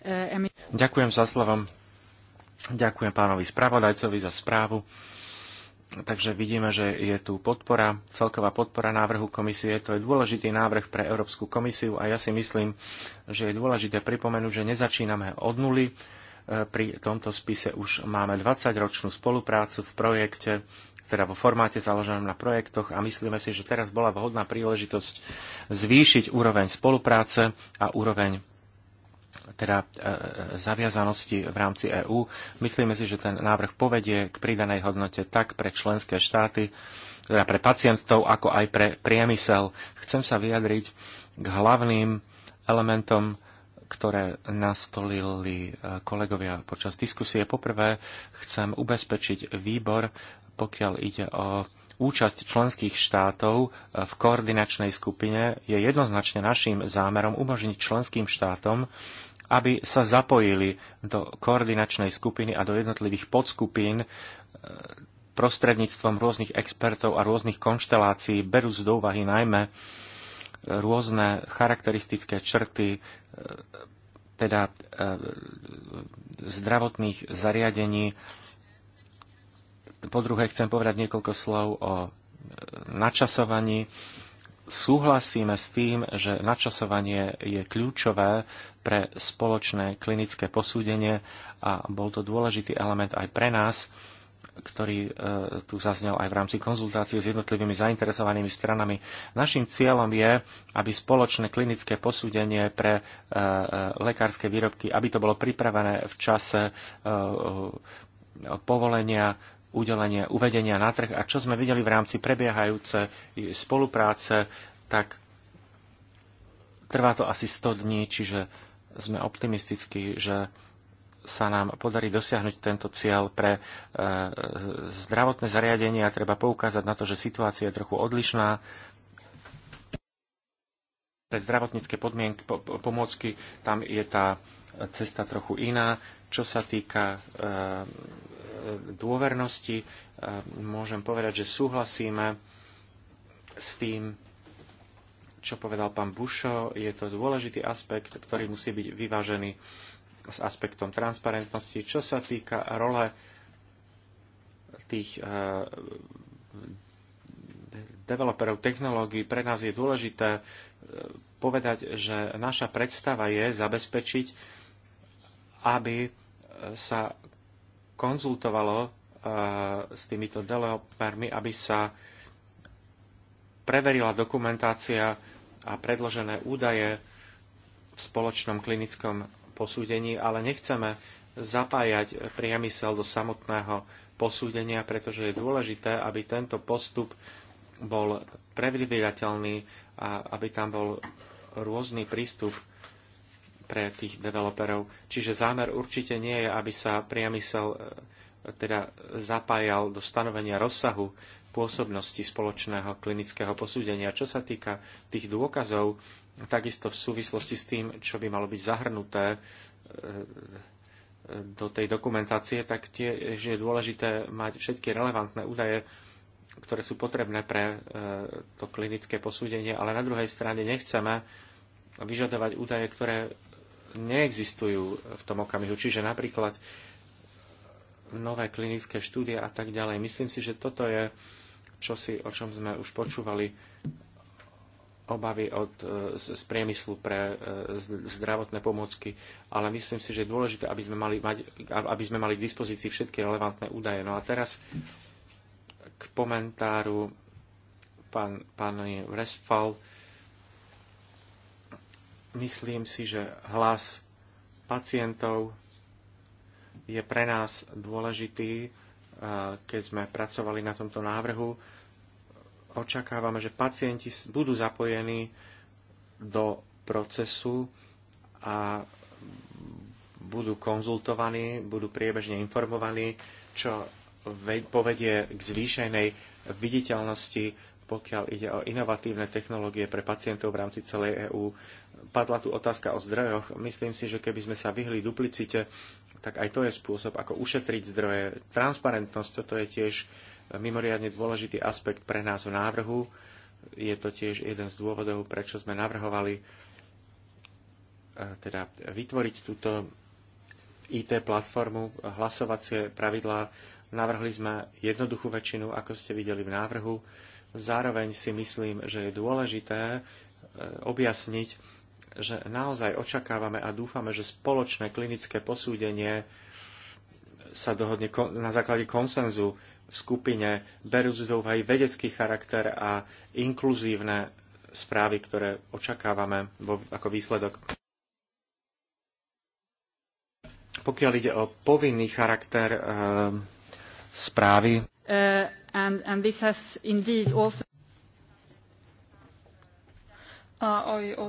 uh, Ďakujem za slovom. Ďakujem pánovi spravodajcovi za správu. Takže vidíme, že je tu podpora, celková podpora návrhu komisie. To je dôležitý návrh pre Európsku komisiu a ja si myslím, že je dôležité pripomenúť, že nezačíname od nuly. E, pri tomto spise už máme 20-ročnú spoluprácu v projekte, teda vo formáte založenom na projektoch a myslíme si, že teraz bola vhodná príležitosť zvýšiť úroveň spolupráce a úroveň teda e, e, zaviazanosti v rámci EÚ. Myslíme si, že ten návrh povedie k pridanej hodnote tak pre členské štáty, teda pre pacientov, ako aj pre priemysel. Chcem sa vyjadriť k hlavným elementom, ktoré nastolili e, kolegovia počas diskusie. Poprvé chcem ubezpečiť výbor, pokiaľ ide o účasť členských štátov e, v koordinačnej skupine je jednoznačne našim zámerom umožniť členským štátom, aby sa zapojili do koordinačnej skupiny a do jednotlivých podskupín e, prostredníctvom rôznych expertov a rôznych konštelácií, berú z úvahy najmä e, rôzne charakteristické črty teda zdravotných zariadení, po druhé, chcem povedať niekoľko slov o e, načasovaní. Súhlasíme s tým, že načasovanie je kľúčové pre spoločné klinické posúdenie a bol to dôležitý element aj pre nás, ktorý e, tu zaznel aj v rámci konzultácie s jednotlivými zainteresovanými stranami. Našim cieľom je, aby spoločné klinické posúdenie pre e, lekárske výrobky, aby to bolo pripravené v čase povolenia Udelenie uvedenia na trh a čo sme videli v rámci prebiehajúce spolupráce, tak trvá to asi 100 dní, čiže sme optimistickí, že sa nám podarí dosiahnuť tento cieľ pre e, zdravotné a Treba poukázať na to, že situácia je trochu odlišná. Pre zdravotnícke podmienky, po, pomôcky tam je tá cesta trochu iná. Čo sa týka e, dôvernosti môžem povedať, že súhlasíme s tým, čo povedal pán Bušo. Je to dôležitý aspekt, ktorý musí byť vyvážený s aspektom transparentnosti. Čo sa týka role tých e, developerov technológií, pre nás je dôležité e, povedať, že naša predstava je zabezpečiť, aby sa konzultovalo eh, s týmito developermi, aby sa preverila dokumentácia a predložené údaje v spoločnom klinickom posúdení, ale nechceme zapájať priemysel do samotného posúdenia, pretože je dôležité, aby tento postup bol predvydateľný a aby tam bol rôzny prístup pre tých developerov. Čiže zámer určite nie je, aby sa priemysel e, teda zapájal do stanovenia rozsahu pôsobnosti spoločného klinického posúdenia. Čo sa týka tých dôkazov, takisto v súvislosti s tým, čo by malo byť zahrnuté e, e, do tej dokumentácie, tak tiež je dôležité mať všetky relevantné údaje, ktoré sú potrebné pre to klinické posúdenie, ale na druhej strane nechceme vyžadovať údaje, ktoré neexistujú v tom okamihu. Čiže napríklad nové klinické štúdie a tak ďalej. Myslím si, že toto je čosi, o čom sme už počúvali obavy od, e, z, z priemyslu pre e, z, zdravotné pomôcky, ale myslím si, že je dôležité, aby sme, mali mať, aby sme mali k dispozícii všetky relevantné údaje. No a teraz k komentáru pán, páni Westfall. Myslím si, že hlas pacientov je pre nás dôležitý, eh, keď sme pracovali na tomto návrhu. Očakávame, že pacienti budú zapojení do procesu a budú konzultovaní, budú priebežne informovaní, čo povedie k zvýšenej viditeľnosti, pokiaľ ide o inovatívne technológie pre pacientov v rámci celej EÚ padla tu otázka o zdrojoch. Myslím si, že keby sme sa vyhli duplicite, tak aj to je spôsob, ako ušetriť zdroje. Transparentnosť, toto je tiež eh, mimoriadne dôležitý aspekt pre nás v návrhu. Je to tiež jeden z dôvodov, prečo sme navrhovali eh, teda vytvoriť túto IT platformu, hlasovacie pravidlá. Navrhli sme jednoduchú väčšinu, ako ste videli v návrhu. Zároveň si myslím, že je dôležité eh, objasniť, že naozaj očakávame a dúfame, že spoločné klinické posúdenie sa dohodne na základe konsenzu v skupine, berúc do úvahy vedecký charakter a inkluzívne správy, ktoré očakávame ako výsledok. Pokiaľ ide o povinný charakter eh, správy, uh, and, and this has indeed also... A aj o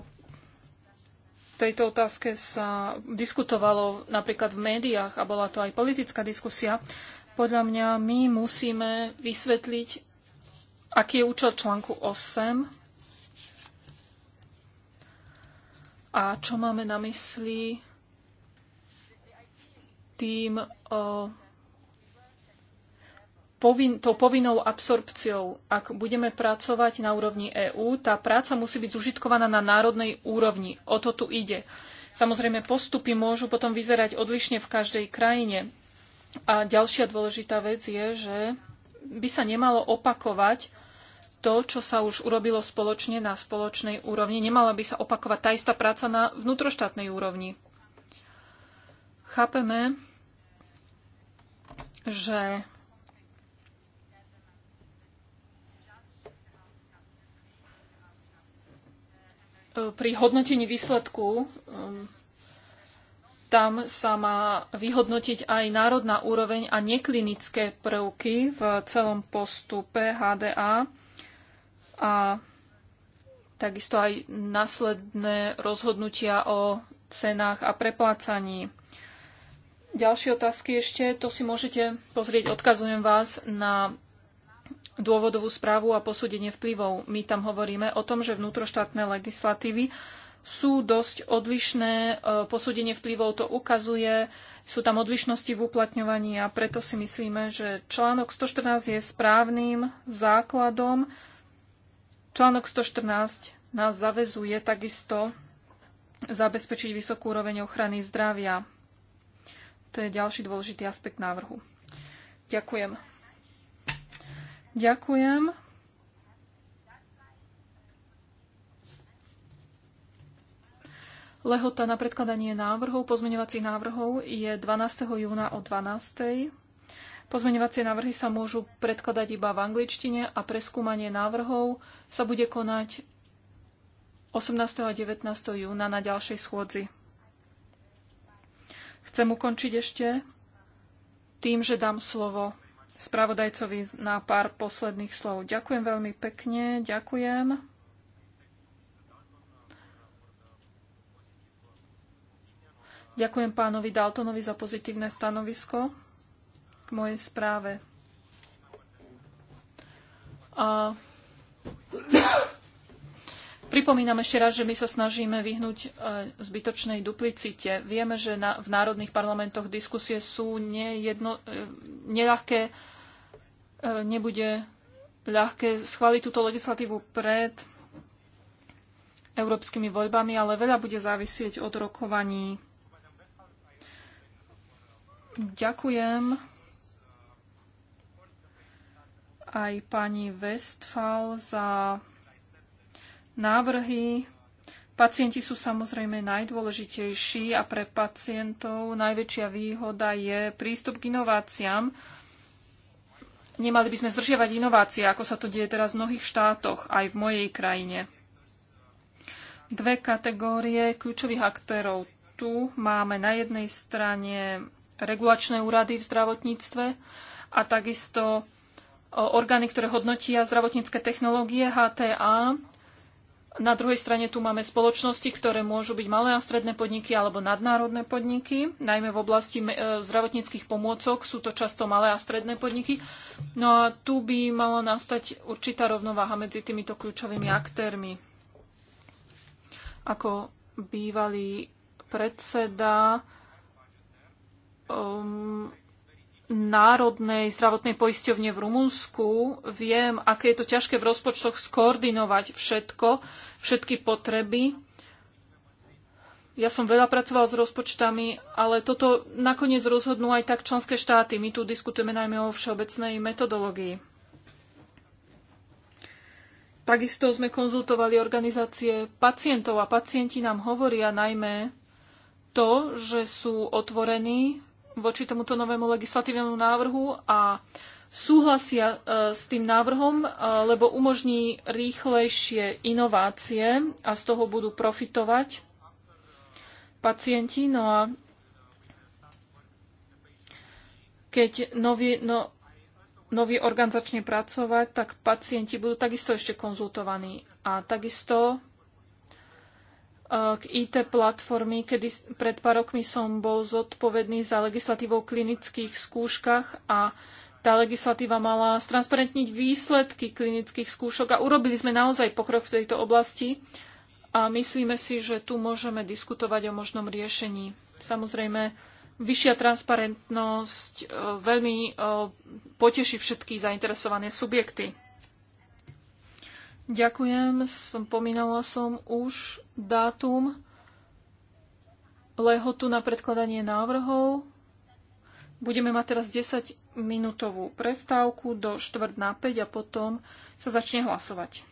tejto otázke sa diskutovalo napríklad v médiách a bola to aj politická diskusia. Podľa mňa my musíme vysvetliť, aký je účel článku 8 a čo máme na mysli tým o, povin, tou povinnou absorpciou. Ak budeme pracovať na úrovni EÚ, tá práca musí byť zužitkovaná na národnej úrovni. O to tu ide. Samozrejme, postupy môžu potom vyzerať odlišne v každej krajine. A ďalšia dôležitá vec je, že by sa nemalo opakovať to, čo sa už urobilo spoločne na spoločnej úrovni. Nemala by sa opakovať tá istá práca na vnútroštátnej úrovni. Chápeme, že pri hodnotení výsledku um, tam sa má vyhodnotiť aj národná úroveň a neklinické prvky v celom postupe HDA a takisto aj následné rozhodnutia o cenách a preplácaní. Ďalšie otázky ešte, to si môžete pozrieť, odkazujem vás na dôvodovú správu a posúdenie vplyvov. My tam hovoríme o tom, že vnútroštátne legislatívy sú dosť odlišné. E, posúdenie vplyvov to ukazuje, sú tam odlišnosti v uplatňovaní a preto si myslíme, že článok 114 je správnym základom. Článok 114 nás zavezuje takisto zabezpečiť vysokú úroveň ochrany zdravia. To je ďalší dôležitý aspekt návrhu. Ďakujem. Ďakujem. Lehota na predkladanie návrhov, pozmeňovacích návrhov je 12. júna o 12. Pozmeňovacie návrhy sa môžu predkladať iba v angličtine a preskúmanie návrhov sa bude konať 18. a 19. júna na ďalšej schôdzi. Chcem ukončiť ešte tým, že dám slovo spravodajcovi na pár posledných slov. Ďakujem veľmi pekne, ďakujem. Ďakujem pánovi Daltonovi za pozitívne stanovisko k mojej správe. A Pripomínam ešte raz, že my sa snažíme vyhnúť e, zbytočnej duplicite. Vieme, že na, v národných parlamentoch diskusie sú nejedno, e, neľahké, e, nebude ľahké schváliť túto legislatívu pred európskymi voľbami, ale veľa bude závisieť od rokovaní. Ďakujem aj pani Westphal za návrhy. Pacienti sú samozrejme najdôležitejší a pre pacientov najväčšia výhoda je prístup k inováciám. Nemali by sme zdržiavať inovácie, ako sa to deje teraz v mnohých štátoch, aj v mojej krajine. Dve kategórie kľúčových aktérov. Tu máme na jednej strane regulačné úrady v zdravotníctve a takisto orgány, ktoré hodnotia zdravotnícke technológie HTA na druhej strane tu máme spoločnosti, ktoré môžu byť malé a stredné podniky alebo nadnárodné podniky, najmä v oblasti e, zdravotníckých pomôcok sú to často malé a stredné podniky. No a tu by mala nastať určitá rovnováha medzi týmito kľúčovými aktérmi. Ako bývalý predseda um, Národnej zdravotnej poisťovne v Rumunsku viem, aké je to ťažké v rozpočtoch skoordinovať všetko, všetky potreby. Ja som veľa pracoval s rozpočtami, ale toto nakoniec rozhodnú aj tak členské štáty. My tu diskutujeme najmä o všeobecnej metodológii. Takisto sme konzultovali organizácie pacientov a pacienti nám hovoria najmä to, že sú otvorení voči tomuto novému legislatívnemu návrhu a súhlasia e, s tým návrhom, e, lebo umožní rýchlejšie inovácie a z toho budú profitovať pacienti. No a keď nový, no, nový orgán začne pracovať, tak pacienti budú takisto ešte konzultovaní. A takisto k IT platformy, kedy pred pár rokmi som bol zodpovedný za legislatívou o klinických skúškach a tá legislatíva mala stransparentniť výsledky klinických skúšok a urobili sme naozaj pokrok v tejto oblasti a myslíme si, že tu môžeme diskutovať o možnom riešení. Samozrejme, vyššia transparentnosť e, veľmi e, poteší všetky zainteresované subjekty. Ďakujem, pomínala som už dátum lehotu na predkladanie návrhov. Budeme mať teraz 10 minútovú prestávku do štvrt na 5 a potom sa začne hlasovať.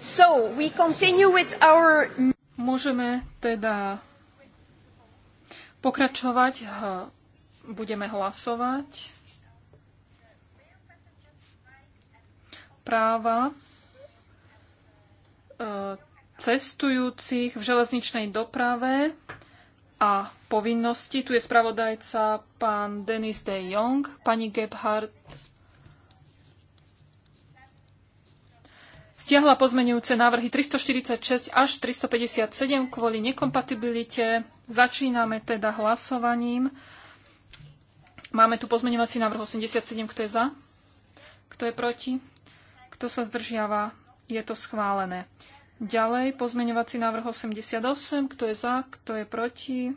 So, we continue with our... Môžeme teda pokračovať. Budeme hlasovať. Práva e, cestujúcich v železničnej doprave a povinnosti. Tu je spravodajca pán Denis de Jong, pani Gebhardt stiahla pozmenujúce návrhy 346 až 357 kvôli nekompatibilite. Začíname teda hlasovaním. Máme tu pozmenovací návrh 87. Kto je za? Kto je proti? Kto sa zdržiava? Je to schválené. Ďalej pozmeňovací návrh 88. Kto je za? Kto je proti?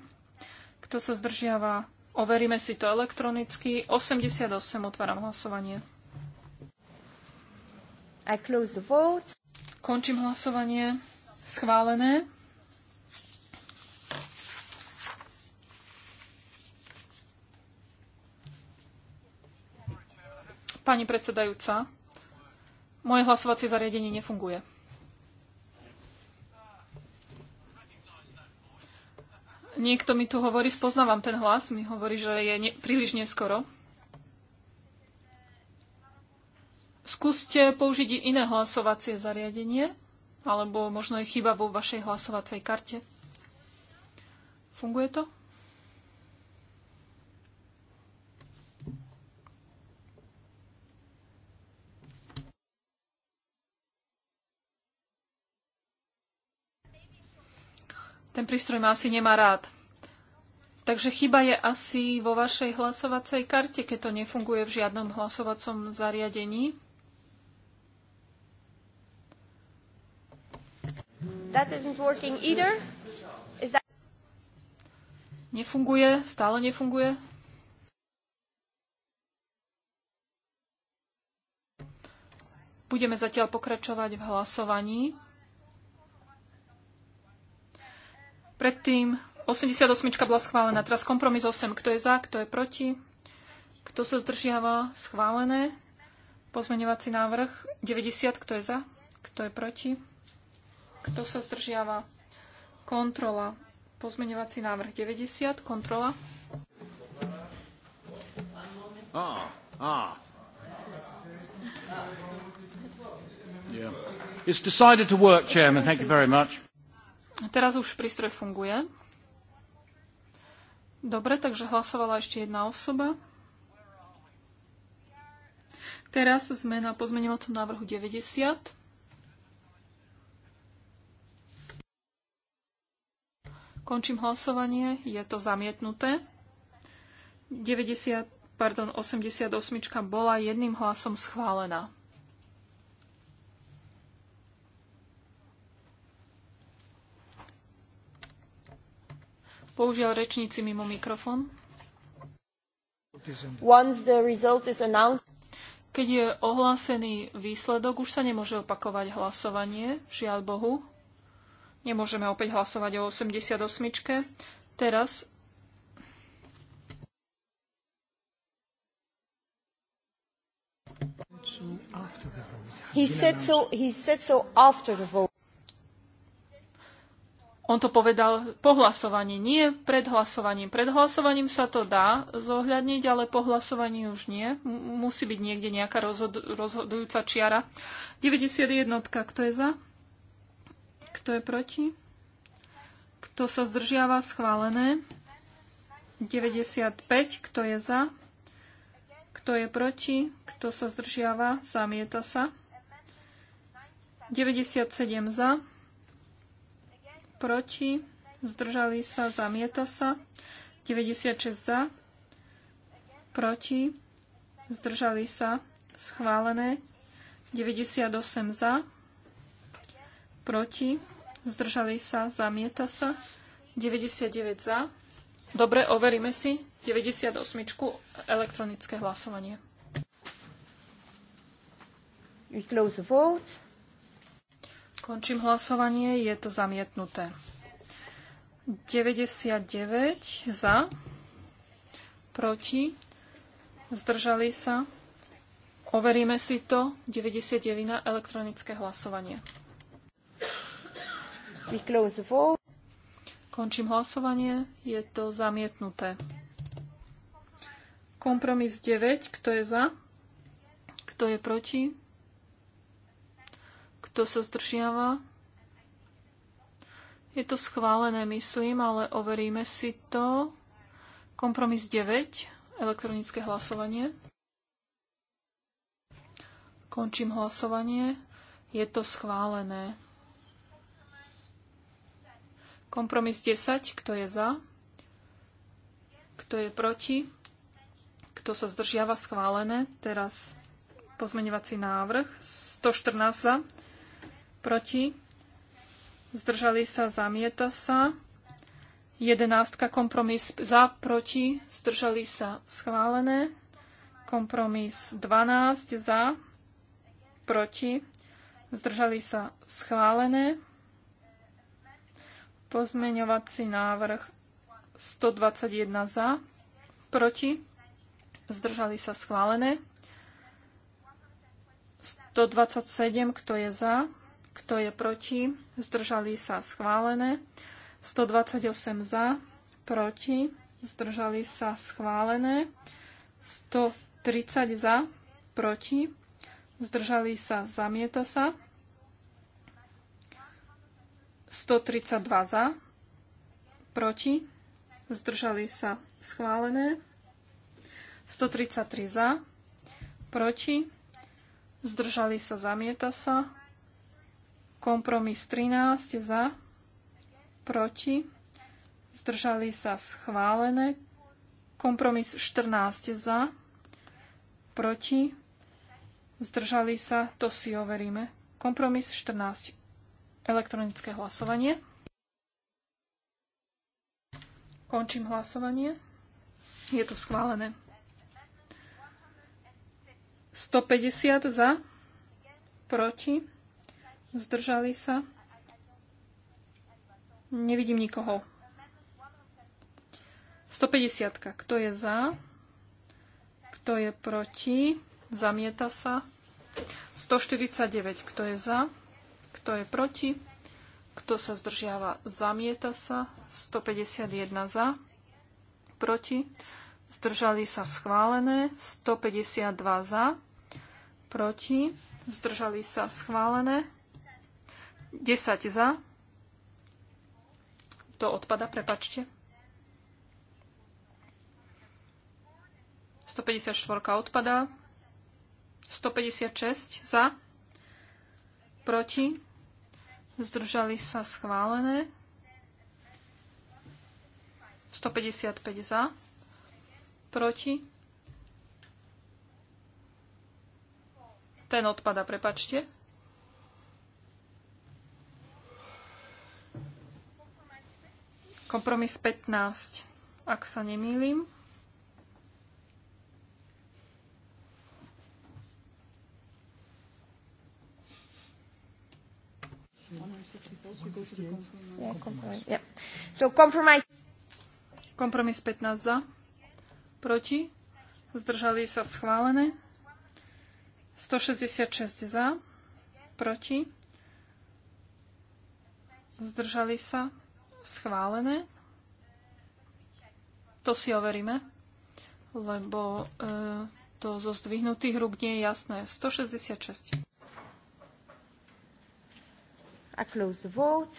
Kto sa zdržiava? Overíme si to elektronicky. 88. Otváram hlasovanie. I close the vote. Končím hlasovanie. Schválené. Pani predsedajúca, moje hlasovacie zariadenie nefunguje. Niekto mi tu hovorí, spoznávam ten hlas, mi hovorí, že je ne, príliš neskoro. Skúste použiť iné hlasovacie zariadenie, alebo možno je chyba vo vašej hlasovacej karte. Funguje to? Ten prístroj ma asi nemá rád. Takže chyba je asi vo vašej hlasovacej karte, keď to nefunguje v žiadnom hlasovacom zariadení. That isn't working either. Is that... Nefunguje, stále nefunguje. Budeme zatiaľ pokračovať v hlasovaní. Predtým 88 bola schválená, teraz kompromis 8. Kto je za, kto je proti? Kto sa zdržiava? Schválené. Pozmeňovací návrh 90. Kto je za, kto je proti? Kto sa zdržiava? Kontrola. Pozmeňovací návrh 90. Kontrola. Á, á. Yeah. It's decided to work, Chairman. Thank you very much. Teraz už prístroj funguje. Dobre, takže hlasovala ešte jedna osoba. Teraz sme na pozmeňovacom návrhu 90. Končím hlasovanie. Je to zamietnuté. 90, pardon, 88 bola jedným hlasom schválená. Použiaľ rečníci mimo mikrofón. Keď je ohlásený výsledok, už sa nemôže opakovať hlasovanie, žiaľ Bohu. Nemôžeme opäť hlasovať o 88. Teraz He said so, he said so after the vote. On to povedal po hlasovaní, nie pred hlasovaním. Pred hlasovaním sa to dá zohľadniť, ale po hlasovaní už nie. Musí byť niekde nejaká rozhodujúca čiara. 91. Kto je za? Kto je proti? Kto sa zdržiava? Schválené. 95. Kto je za? Kto je proti? Kto sa zdržiava? Zamieta sa. 97 za. Proti. Zdržali sa. Zamieta sa. 96 za. Proti. Zdržali sa. Schválené. 98 za proti, zdržali sa, zamieta sa, 99 za. Dobre, overíme si 98 elektronické hlasovanie. We close vote. Končím hlasovanie, je to zamietnuté. 99 za, proti, zdržali sa. Overíme si to, 99 elektronické hlasovanie. Končím hlasovanie. Je to zamietnuté. Kompromis 9. Kto je za? Kto je proti? Kto sa zdržiava? Je to schválené, myslím, ale overíme si to. Kompromis 9. Elektronické hlasovanie. Končím hlasovanie. Je to schválené. Kompromis 10, kto je za? Kto je proti? Kto sa zdržiava schválené? Teraz pozmeňovací návrh 114 za, proti, zdržali sa, zamieta sa. 11 kompromis za, proti, zdržali sa, schválené. Kompromis 12 za, proti, zdržali sa, schválené. Pozmeňovací návrh 121 za, proti, zdržali sa schválené. 127, kto je za, kto je proti, zdržali sa schválené. 128 za, proti, zdržali sa schválené. 130 za, proti, zdržali sa, zamieta sa. 132 za, proti, zdržali sa schválené. 133 za, proti, zdržali sa, zamieta sa. Kompromis 13 za, proti, zdržali sa schválené. Kompromis 14 za, proti, zdržali sa, to si overíme. Kompromis 14 Elektronické hlasovanie. Končím hlasovanie. Je to schválené. 150 za, proti, zdržali sa. Nevidím nikoho. 150. Kto je za? Kto je proti? Zamieta sa. 149. Kto je za? Kto je proti? Kto sa zdržiava? Zamieta sa. 151 za. Proti. Zdržali sa schválené. 152 za. Proti. Zdržali sa schválené. 10 za. To odpada, prepačte. 154 odpadá. 156 za. Proti zdržali sa schválené. 155 za, proti. Ten odpada, prepačte. Kompromis 15, ak sa nemýlim. Yeah, so Kompromis 15 za, proti, zdržali sa schválené. 166 za, proti, zdržali sa schválené. To si overíme, lebo e, to zo zdvihnutých rúk nie je jasné. 166. I close the vote.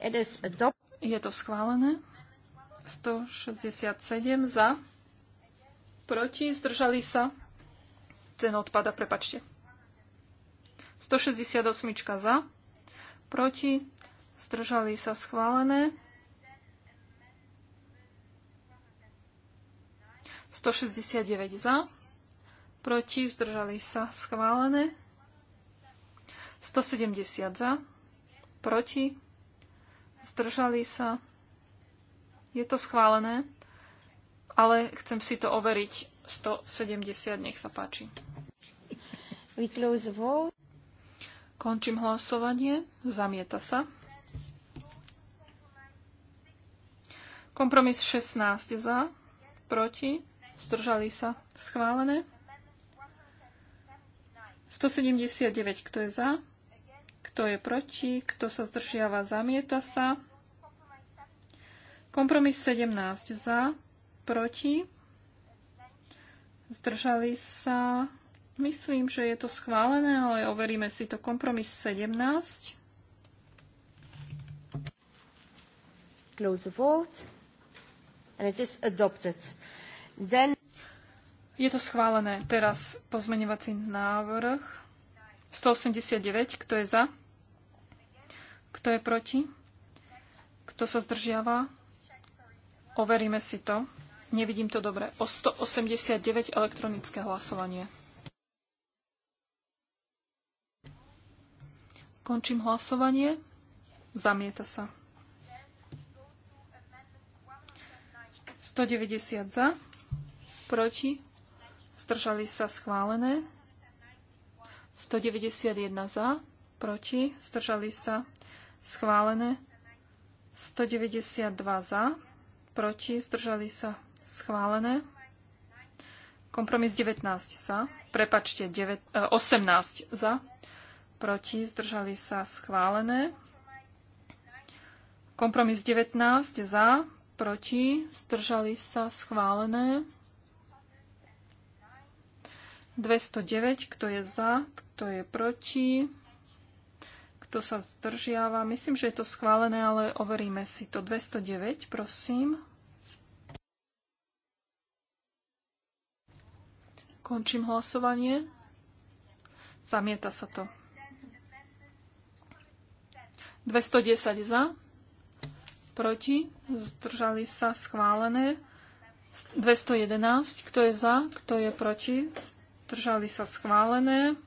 It is adopted. Je to schválené. 167 za. Proti. Zdržali sa. Ten odpada, prepačte. 168 za. Proti. Zdržali sa schválené. 169 za. Proti. Zdržali sa schválené. 170 za, proti, zdržali sa. Je to schválené, ale chcem si to overiť. 170, nech sa páči. We close vote. Končím hlasovanie. Zamieta sa. Kompromis 16 za, proti, zdržali sa, schválené. 179, kto je za, kto je proti? Kto sa zdržiava? Zamieta sa. Kompromis 17 za, proti. Zdržali sa. Myslím, že je to schválené, ale overíme si to. Kompromis 17. Close vote. And it is adopted. Then... Je to schválené. Teraz pozmeňovací návrh 189. Kto je za? Kto je proti? Kto sa zdržiava? Overíme si to. Nevidím to dobre. O 189 elektronické hlasovanie. Končím hlasovanie. Zamieta sa. 190 za, proti, zdržali sa schválené. 191 za, proti, zdržali sa schválené. 192 za, proti, zdržali sa, schválené. Kompromis 19 za, prepačte, 9, 18 e, za, proti, zdržali sa, schválené. Kompromis 19 za, proti, zdržali sa, schválené. 209, kto je za, kto je proti, kto sa zdržiava? Myslím, že je to schválené, ale overíme si to. 209, prosím. Končím hlasovanie. Zamieta sa to. 210 za, proti, zdržali sa schválené. 211, kto je za, kto je proti, zdržali sa schválené.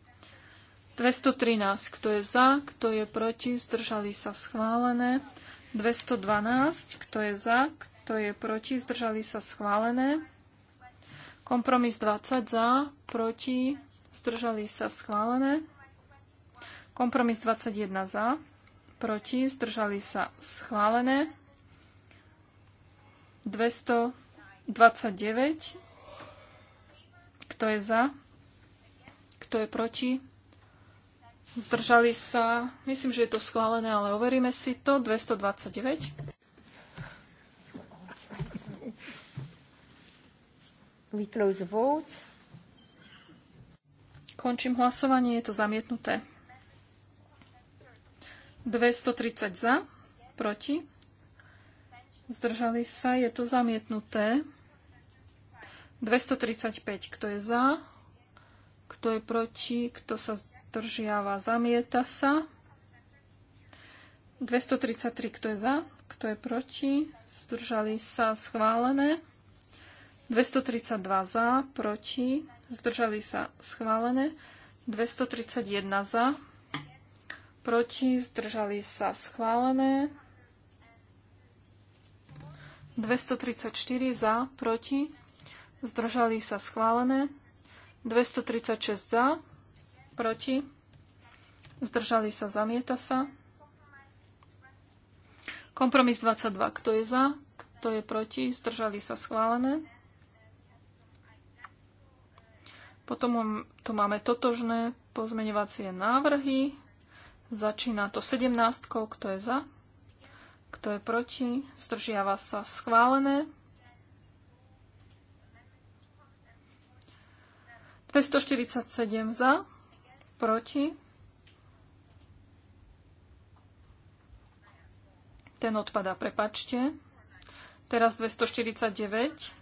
213, kto je za, kto je proti, zdržali sa schválené. 212, kto je za, kto je proti, zdržali sa schválené. Kompromis 20 za, proti, zdržali sa schválené. Kompromis 21 za, proti, zdržali sa schválené. 229, kto je za, kto je proti, Zdržali sa. Myslím, že je to schválené, ale overíme si to. 229. We close the Končím hlasovanie, je to zamietnuté. 230 za, proti. Zdržali sa, je to zamietnuté. 235, kto je za, kto je proti, kto sa zdržal zdržiava, zamieta sa. 233, kto je za, kto je proti, zdržali sa, schválené. 232 za, proti, zdržali sa, schválené. 231 za, proti, zdržali sa, schválené. 234 za, proti, zdržali sa schválené, 236 za, proti, zdržali sa, zamieta sa. Kompromis 22, kto je za, kto je proti, zdržali sa, schválené. Potom tu máme totožné pozmeňovacie návrhy. Začína to 17, kto je za, kto je proti, zdržiava sa, schválené. 247 za, proti. Ten odpadá, prepačte. Teraz 249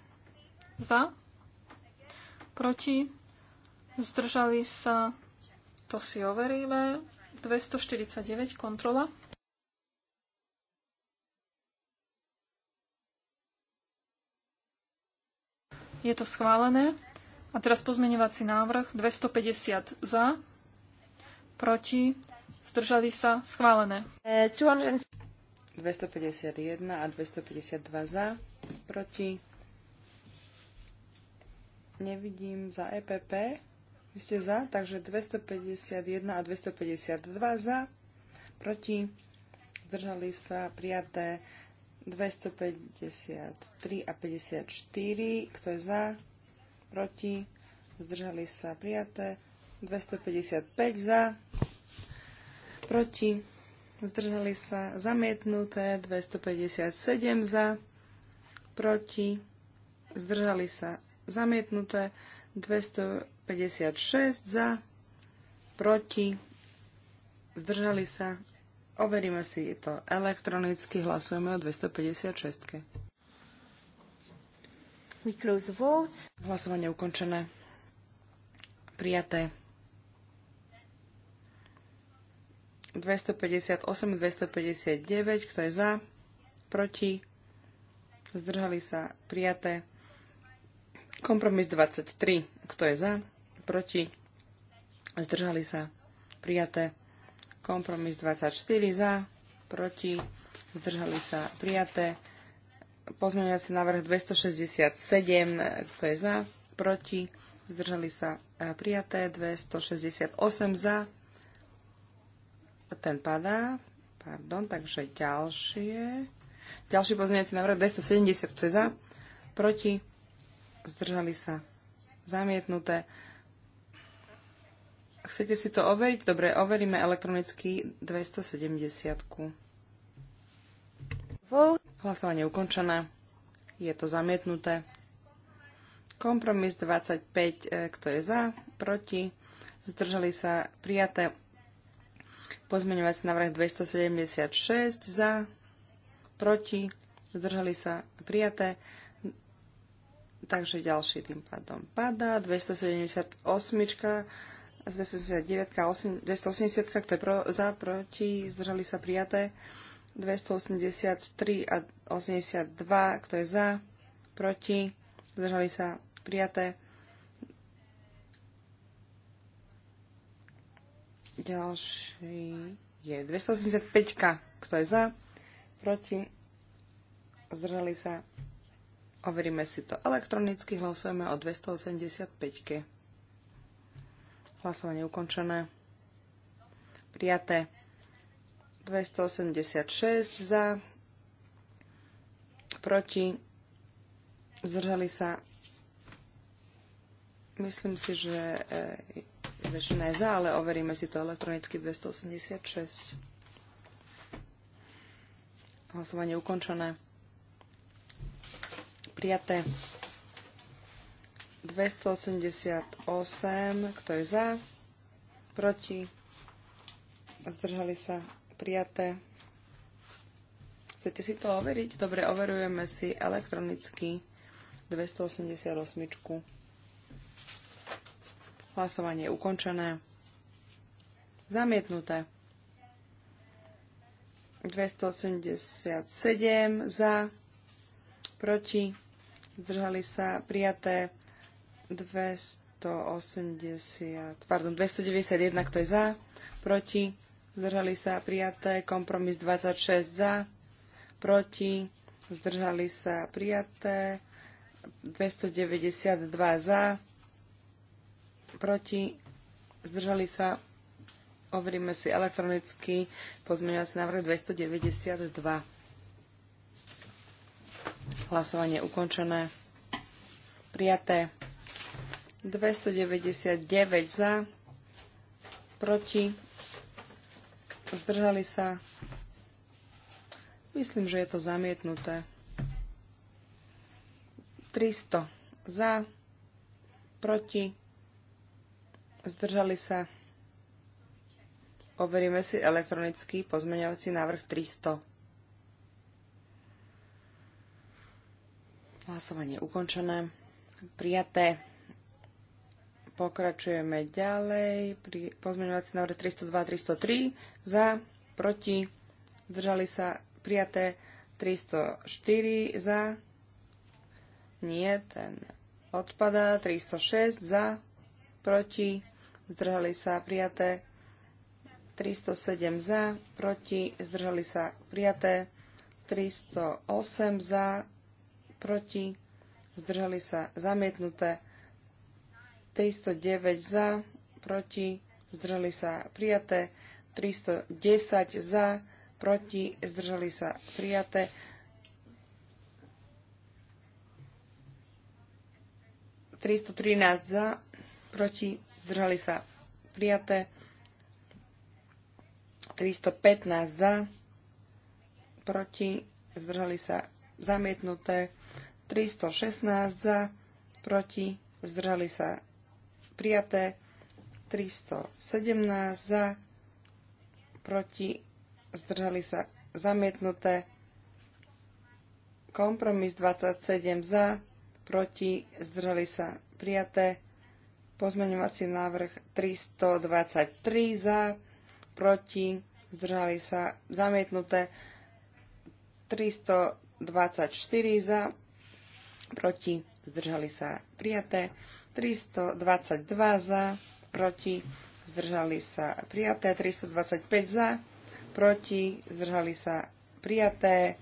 za, proti, zdržali sa, to si overíme, 249 kontrola. Je to schválené. A teraz pozmeňovací návrh 250 za, proti, zdržali sa, schválené. 251 a 252 za, proti. Nevidím za EPP. Vy ste za, takže 251 a 252 za, proti. Zdržali sa, prijaté 253 a 54. Kto je za? Proti? Zdržali sa prijaté. 255 za proti, zdržali sa zamietnuté, 257 za, proti, zdržali sa zamietnuté, 256 za, proti, zdržali sa, overíme si to elektronicky, hlasujeme o 256. We close vote. Hlasovanie ukončené. Prijaté. 258, 259, kto je za, proti, zdržali sa, prijaté. Kompromis 23, kto je za, proti, zdržali sa, prijaté. Kompromis 24 za, proti, zdržali sa, prijaté. Pozmeňovací návrh 267, kto je za, proti, zdržali sa, e, prijaté. 268 za, ten padá. Pardon, takže ďalšie. Ďalší pozmeňujúci návrh 270, to je za, proti, zdržali sa, zamietnuté. Chcete si to overiť? Dobre, overíme elektronicky 270. Hlasovanie ukončené. Je to zamietnuté. Kompromis 25, e, kto je za, proti, zdržali sa, prijaté Pozmeňovací návrh 276 za, proti, zdržali sa prijaté. Takže ďalší tým pádom padá. 278, 279, 280, kto je pro, za, proti, zdržali sa prijaté. 283 a 82, kto je za, proti, zdržali sa prijaté. Ďalší je 285 ka Kto je za? Proti? Zdržali sa? Overíme si to elektronicky. Hlasujeme o 285 ke Hlasovanie ukončené. Prijaté. 286 za. Proti. Zdržali sa. Myslím si, že e, väčšina je za, ale overíme si to elektronicky 286. Hlasovanie ukončené. Prijaté. 288. Kto je za? Proti? Zdržali sa? Prijaté. Chcete si to overiť? Dobre, overujeme si elektronicky 288. Hlasovanie je ukončené. Zamietnuté. 287 za, proti, zdržali sa prijaté 280, pardon, 291, kto je za, proti, zdržali sa prijaté, kompromis 26 za, proti, zdržali sa prijaté, 292 za, proti, zdržali sa, overíme si elektronicky pozmeňovací návrh 292. Hlasovanie ukončené. Prijaté. 299 za, proti, zdržali sa. Myslím, že je to zamietnuté. 300 za, proti, Zdržali sa. Overíme si elektronický pozmeňovací návrh 300. Hlasovanie ukončené. Prijaté. Pokračujeme ďalej. pozmeňovací návrh 302 303 za, proti, zdržali sa prijaté 304 za, nie, ten odpadá, 306 za, proti, zdržali sa prijaté. 307 za, proti, zdržali sa prijaté. 308 za, proti, zdržali sa zamietnuté. 309 za, proti, zdržali sa prijaté. 310 za, proti, zdržali sa prijaté. Tristo trinásť za, proti, zdržali sa prijaté. 315 za, proti, zdržali sa zamietnuté. 316 za, proti, zdržali sa prijaté. 317 za, proti, zdržali sa zamietnuté. Kompromis 27 za, proti, zdržali sa prijaté. Pozmeňovací návrh 323 za, proti, zdržali sa, zamietnuté 324 za, proti, zdržali sa, prijaté 322 za, proti, zdržali sa, prijaté 325 za, proti, zdržali sa, prijaté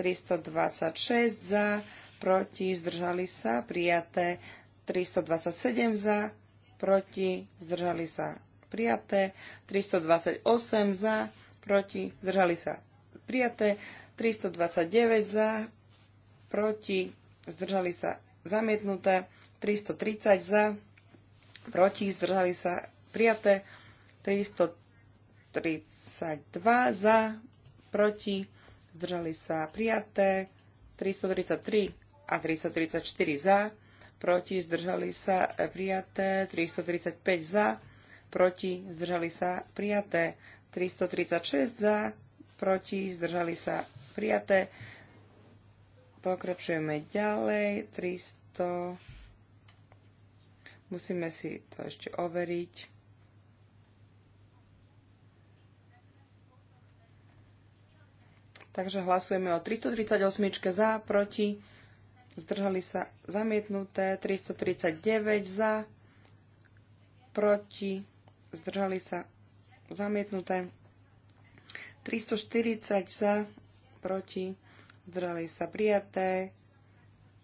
326 za, proti, zdržali sa, prijaté 327 za, proti, zdržali sa prijaté, 328 za, proti, zdržali sa prijaté, 329 za, proti, zdržali sa zamietnuté, 330 za, proti, zdržali sa prijaté, 332 za, proti, zdržali sa prijaté, 333 a 334 za, proti, zdržali sa, e, prijaté, 335 za, proti, zdržali sa, prijaté, 336 za, proti, zdržali sa, prijaté. Pokračujeme ďalej, 300, musíme si to ešte overiť. Takže hlasujeme o 338 za, proti, zdržali sa zamietnuté, 339 za, proti, zdržali sa zamietnuté, 340 za, proti, zdržali sa prijaté,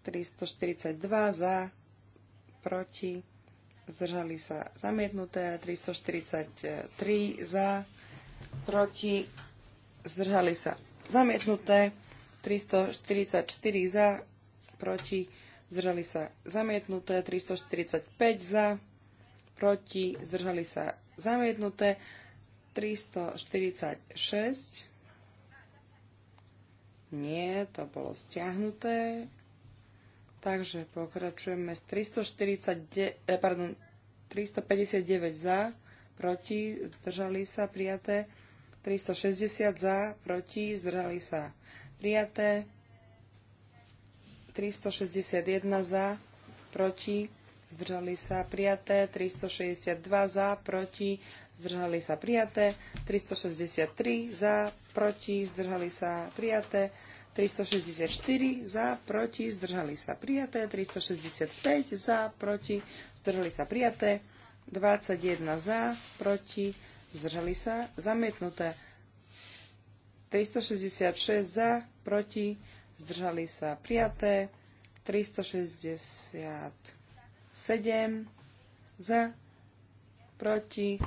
342 za, proti, zdržali sa zamietnuté, 343 za, proti, zdržali sa zamietnuté, 344 za, proti, zdržali sa zamietnuté, 345 za, proti, zdržali sa zamietnuté, 346, nie, to bolo stiahnuté, takže pokračujeme s 349, eh, pardon, 359 za, proti, zdržali sa prijaté, 360 za, proti, zdržali sa prijaté, 361 za, proti, zdržali sa prijaté, 362 za, proti, zdržali sa prijaté, 363 za, proti, zdržali sa prijaté, 364 za, proti, zdržali sa prijaté, 365 za, proti, zdržali sa prijaté, 21 za, proti, zdržali sa zamietnuté, 366 za, proti, zdržali sa prijaté, 367 za, proti,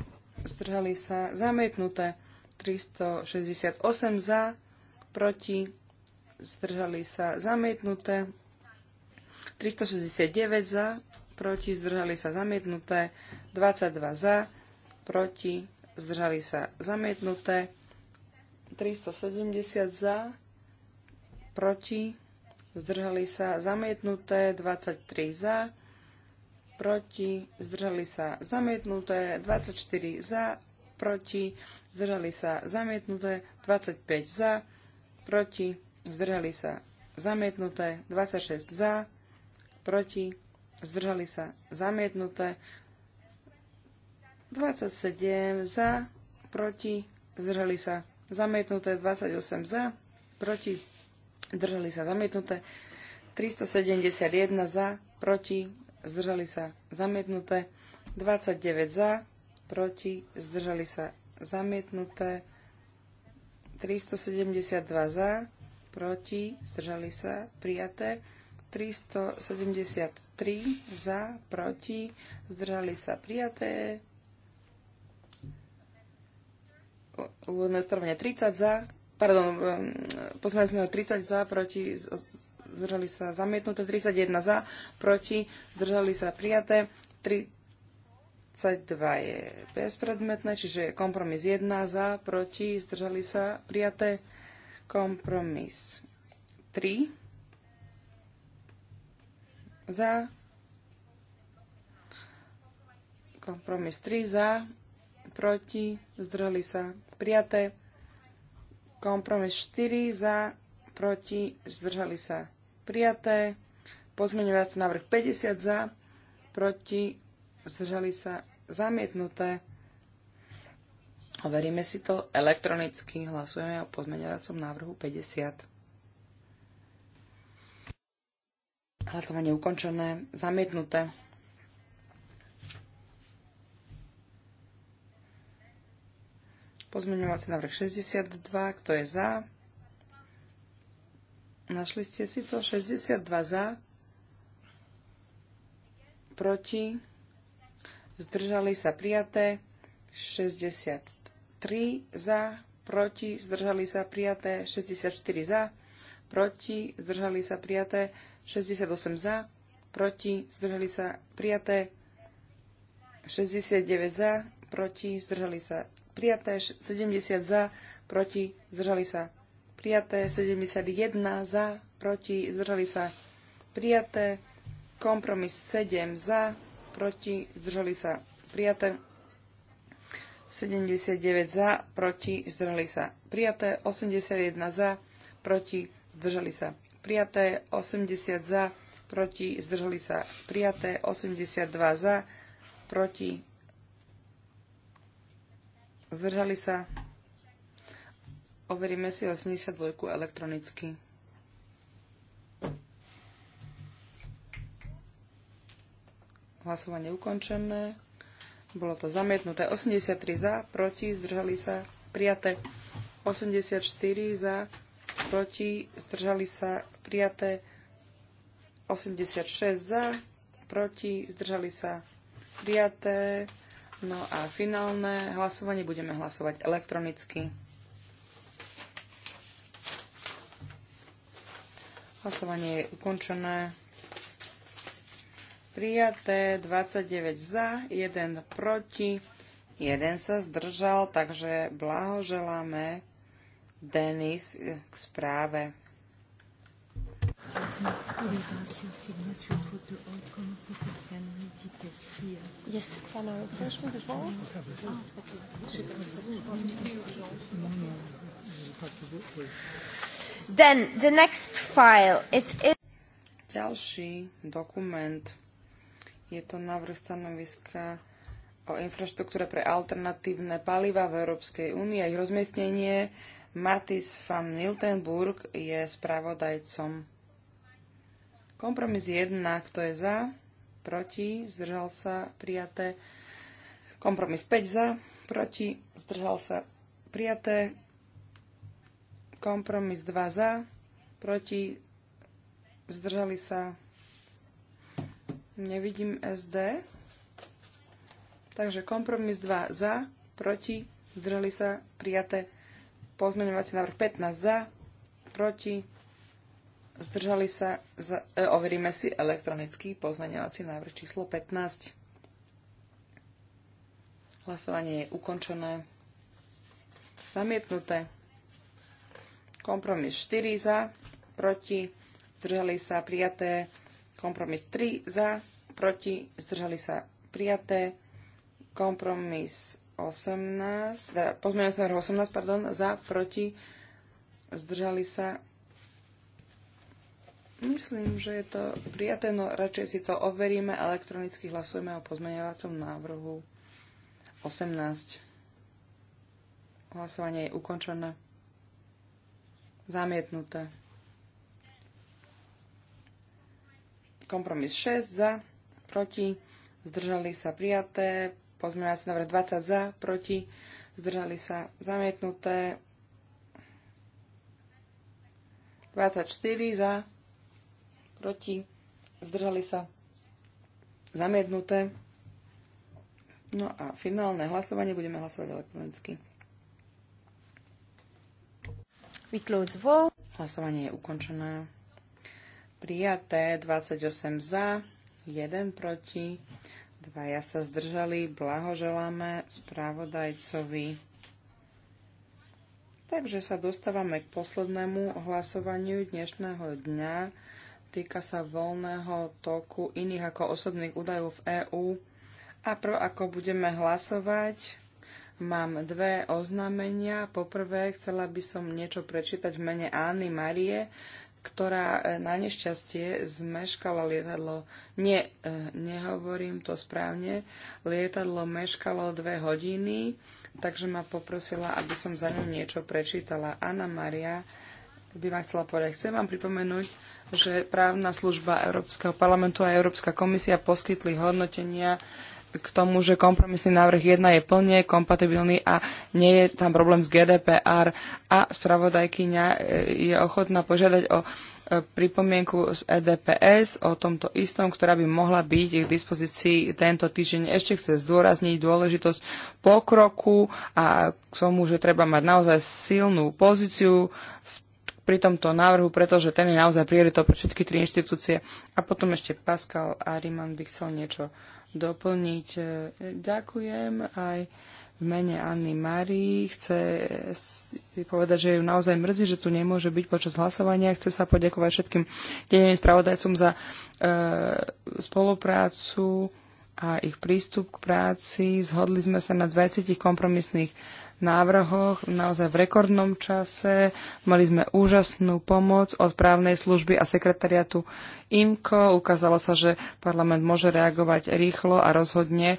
zdržali sa zamietnuté, 368 za, proti, zdržali sa zamietnuté, 369 za, proti, zdržali sa zamietnuté, 22 za, proti, zdržali sa zamietnuté, 370 za, proti, zdržali sa zamietnuté, 23 za, proti, zdržali sa zamietnuté, 24 za, proti, zdržali sa zamietnuté, 25 za, proti, zdržali sa zamietnuté, 26 za, proti, zdržali sa zamietnuté, 27 za, proti, zdržali sa zamietnuté, 28 za, proti, zdržali sa zamietnuté, 371 za, proti, zdržali sa zamietnuté, 29 za, proti, zdržali sa zamietnuté, 372 za, proti, zdržali sa prijaté, 373 za, proti, zdržali sa prijaté, úvodné strovanie 30 za, pardon, poslanec 30 za, proti, zdržali sa zamietnuté, 31 za, proti, zdržali sa prijaté, 32 je bezpredmetné, čiže kompromis 1 za, proti, zdržali sa prijaté, kompromis 3 za, kompromis 3 za, proti, zdržali sa prijaté, Kompromis 4 za, proti, zdržali sa prijaté. Pozmeňovací návrh 50 za, proti, zdržali sa zamietnuté. Overíme si to elektronicky. Hlasujeme o pozmeňovacom návrhu 50. Hlasovanie ukončené, zamietnuté. Pozmeňovací návrh 62, kto je za? Našli ste si to? 62 za, proti, zdržali sa prijaté, 63 za, proti, zdržali sa prijaté, 64 za, proti, zdržali sa prijaté, 68 za, proti, zdržali sa prijaté, 69 za, proti, zdržali sa prijaté 70 za, proti, zdržali sa. Prijaté 71 za, proti, zdržali sa. Prijaté kompromis 7 za, proti, zdržali sa. Prijaté 79 za, proti, zdržali sa. Prijaté 81 za, proti, zdržali sa. Prijaté 80 za, proti, zdržali sa. Prijaté 82 za, proti, Zdržali sa. Overíme si 82 elektronicky. Hlasovanie ukončené. Bolo to zamietnuté. 83 za, proti, zdržali sa, prijaté. 84 za, proti, zdržali sa, prijaté. 86 za, proti, zdržali sa, prijaté. No a finálne hlasovanie budeme hlasovať elektronicky. Hlasovanie je ukončené. Prijaté 29 za, 1 proti, 1 sa zdržal, takže blahoželáme Denis k správe. Yes, before. Then the next file, Ďalší dokument. Je to návrh stanoviska o infraštruktúre pre alternatívne paliva v Európskej únii a ich rozmiestnenie. Matis van Miltenburg je spravodajcom. Kompromis 1, kto je za, proti, zdržal sa, prijaté. Kompromis 5 za, proti, zdržal sa, prijaté. Kompromis 2 za, proti, zdržali sa. Nevidím SD. Takže kompromis 2 za, proti, zdržali sa, prijaté. Pozmeňovací návrh 15 za, proti, Zdržali sa, z, e, overíme si elektronický pozmeňovací návrh číslo 15. Hlasovanie je ukončené. Zamietnuté. Kompromis 4 za, proti, zdržali sa, prijaté. Kompromis 3 za, proti, zdržali sa, prijaté. Kompromis 18, teda pozmeňovací návrh 18, pardon, za, proti, zdržali sa, Myslím, že je to prijaté, no radšej si to overíme, elektronicky hlasujeme o pozmeňovacom návrhu 18. Hlasovanie je ukončené. Zamietnuté. Kompromis 6 za, proti, zdržali sa prijaté, pozmeňovací návrh 20 za, proti, zdržali sa zamietnuté, 24 za, proti, zdržali sa, zamietnuté. No a finálne hlasovanie budeme hlasovať elektronicky. We close vote. Hlasovanie je ukončené. Prijaté 28 za, 1 proti, 2 ja sa zdržali. Blahoželáme správodajcovi. Takže sa dostávame k poslednému hlasovaniu dnešného dňa týka sa voľného toku iných ako osobných údajov v EÚ. A prv ako budeme hlasovať, mám dve oznámenia. Poprvé, chcela by som niečo prečítať v mene Anny Marie, ktorá e, na nešťastie zmeškala lietadlo. Nie, e, nehovorím to správne. Lietadlo meškalo dve hodiny, takže ma poprosila, aby som za ňu niečo prečítala. Anna Maria by ma chcela povedať. Chcem vám pripomenúť, že právna služba Európskeho parlamentu a Európska komisia poskytli hodnotenia k tomu, že kompromisný návrh 1 je plne kompatibilný a nie je tam problém s GDPR a spravodajkyňa e, je ochotná požiadať o e, pripomienku z EDPS o tomto istom, ktorá by mohla byť k dispozícii tento týždeň. Ešte chce zdôrazniť dôležitosť pokroku a k tomu, že treba mať naozaj silnú pozíciu v pri tomto návrhu, pretože ten je naozaj prioritou pre všetky tri inštitúcie. A potom ešte Pascal a Riman by chcel niečo doplniť. E, ďakujem aj v mene Anny Mari, Chce povedať, že ju naozaj mrzí, že tu nemôže byť počas hlasovania. Chce sa poďakovať všetkým denným spravodajcom za e, spoluprácu a ich prístup k práci. Zhodli sme sa na 20 kompromisných návrhoch naozaj v rekordnom čase. Mali sme úžasnú pomoc od právnej služby a sekretariatu IMCO. Ukázalo sa, že parlament môže reagovať rýchlo a rozhodne e,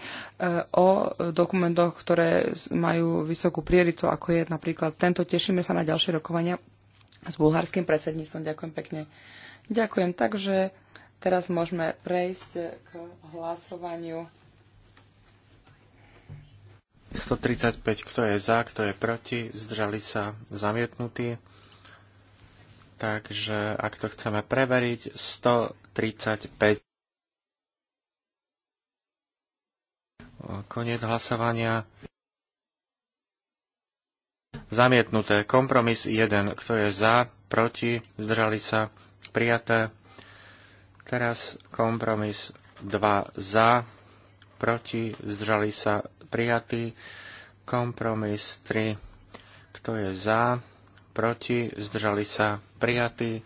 o dokumentoch, ktoré majú vysokú prioritu, ako je napríklad tento. Tešíme sa na ďalšie rokovania s bulharským predsedníctvom. Ďakujem pekne. Ďakujem. Takže teraz môžeme prejsť k hlasovaniu. 135, kto je za, kto je proti, zdržali sa zamietnutí. Takže ak to chceme preveriť, 135. Koniec hlasovania. Zamietnuté. Kompromis 1. Kto je za, proti, zdržali sa, prijaté. Teraz kompromis 2. Za, proti, zdržali sa, prijatý. Kompromis 3. Kto je za? Proti? Zdržali sa? Prijatý.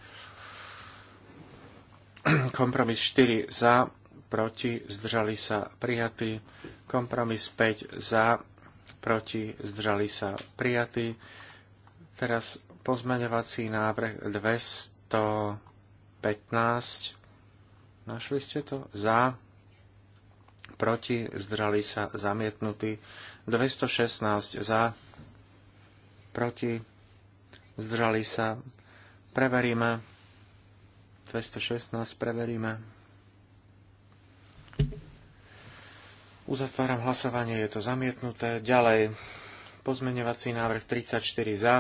Kompromis 4. Za? Proti? Zdržali sa? Prijatý. Kompromis 5. Za? Proti? Zdržali sa? Prijatý. Teraz pozmeňovací návrh 215. Našli ste to? Za? proti, zdrali sa zamietnutí, 216 za, proti, zdrali sa, preveríme, 216 preveríme. Uzatváram hlasovanie, je to zamietnuté. Ďalej, pozmeňovací návrh 34 za,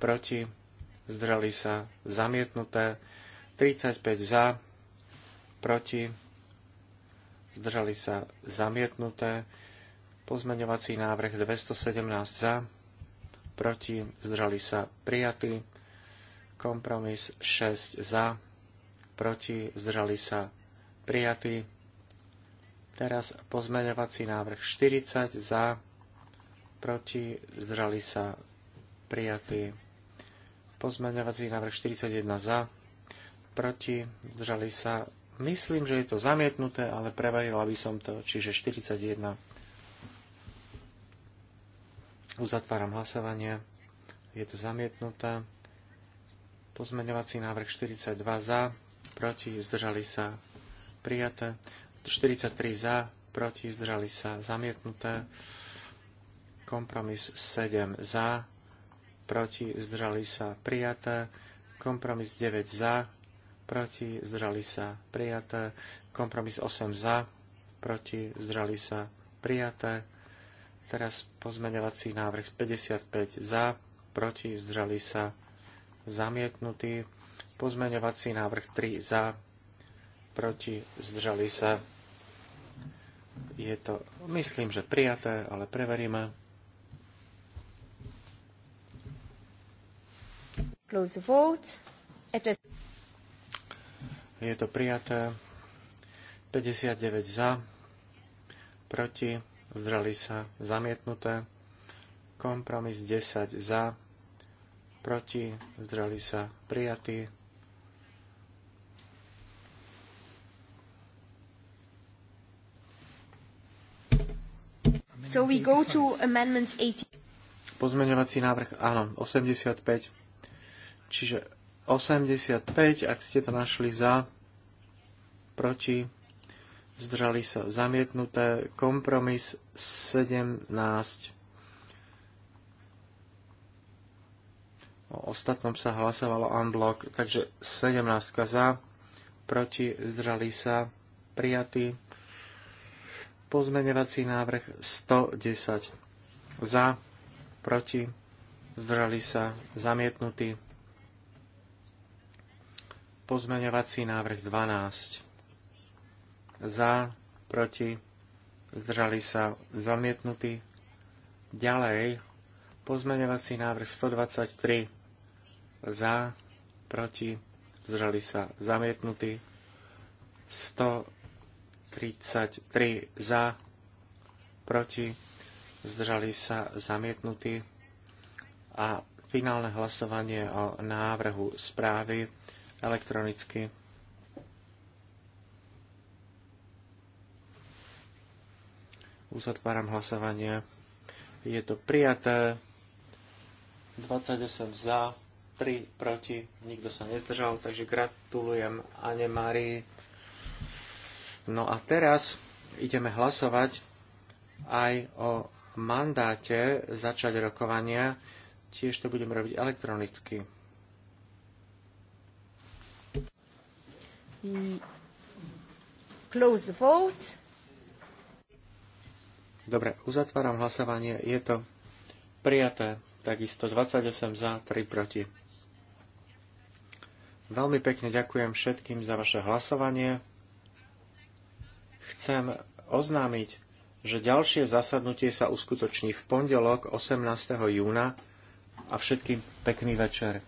proti, zdrali sa, zamietnuté, 35 za, proti, zdržali sa zamietnuté. Pozmeňovací návrh 217 za, proti, zdržali sa prijatí. Kompromis 6 za, proti, zdržali sa prijatí. Teraz pozmeňovací návrh 40 za, proti, zdržali sa prijatí. Pozmeňovací návrh 41 za, proti, zdržali sa Myslím, že je to zamietnuté, ale preverila by som to, čiže 41. Uzatváram hlasovanie. Je to zamietnuté. Pozmeňovací návrh 42 za, proti, zdržali sa, prijaté. 43 za, proti, zdržali sa, zamietnuté. Kompromis 7 za, proti, zdržali sa, prijaté. Kompromis 9 za, proti, zdržali sa, prijaté. Kompromis 8 za, proti, zdržali sa, prijaté. Teraz pozmeňovací návrh 55 za, proti, zdržali sa, zamietnutý. Pozmeňovací návrh 3 za, proti, zdržali sa. Je to, myslím, že prijaté, ale preveríme. Close vote. Je to prijaté. 59 za, proti, zdrali sa, zamietnuté. Kompromis 10 za, proti, zdrali sa, prijatý. So we go to amendments 80. Pozmeňovací návrh, áno, 85. Čiže 85, ak ste to našli za, proti, zdržali sa zamietnuté, kompromis 17. O ostatnom sa hlasovalo unblock, takže 17 za, proti, zdržali sa, prijatý. Pozmeňovací návrh 110 za, proti, zdržali sa, zamietnutý. Pozmeňovací návrh 12. Za, proti, zdržali sa zamietnutí. Ďalej, pozmeňovací návrh 123. Za, proti, zdržali sa zamietnutí. 133 za, proti, zdržali sa zamietnutí. A finálne hlasovanie o návrhu správy elektronicky. Uzatváram hlasovanie. Je to prijaté. 28 za, 3 proti, nikto sa nezdržal, takže gratulujem Ane Marii. No a teraz ideme hlasovať aj o mandáte začať rokovania. Tiež to budem robiť elektronicky. Close the vote. Dobre, uzatváram hlasovanie. Je to prijaté. Takisto 28 za, 3 proti. Veľmi pekne ďakujem všetkým za vaše hlasovanie. Chcem oznámiť, že ďalšie zasadnutie sa uskutoční v pondelok 18. júna a všetkým pekný večer.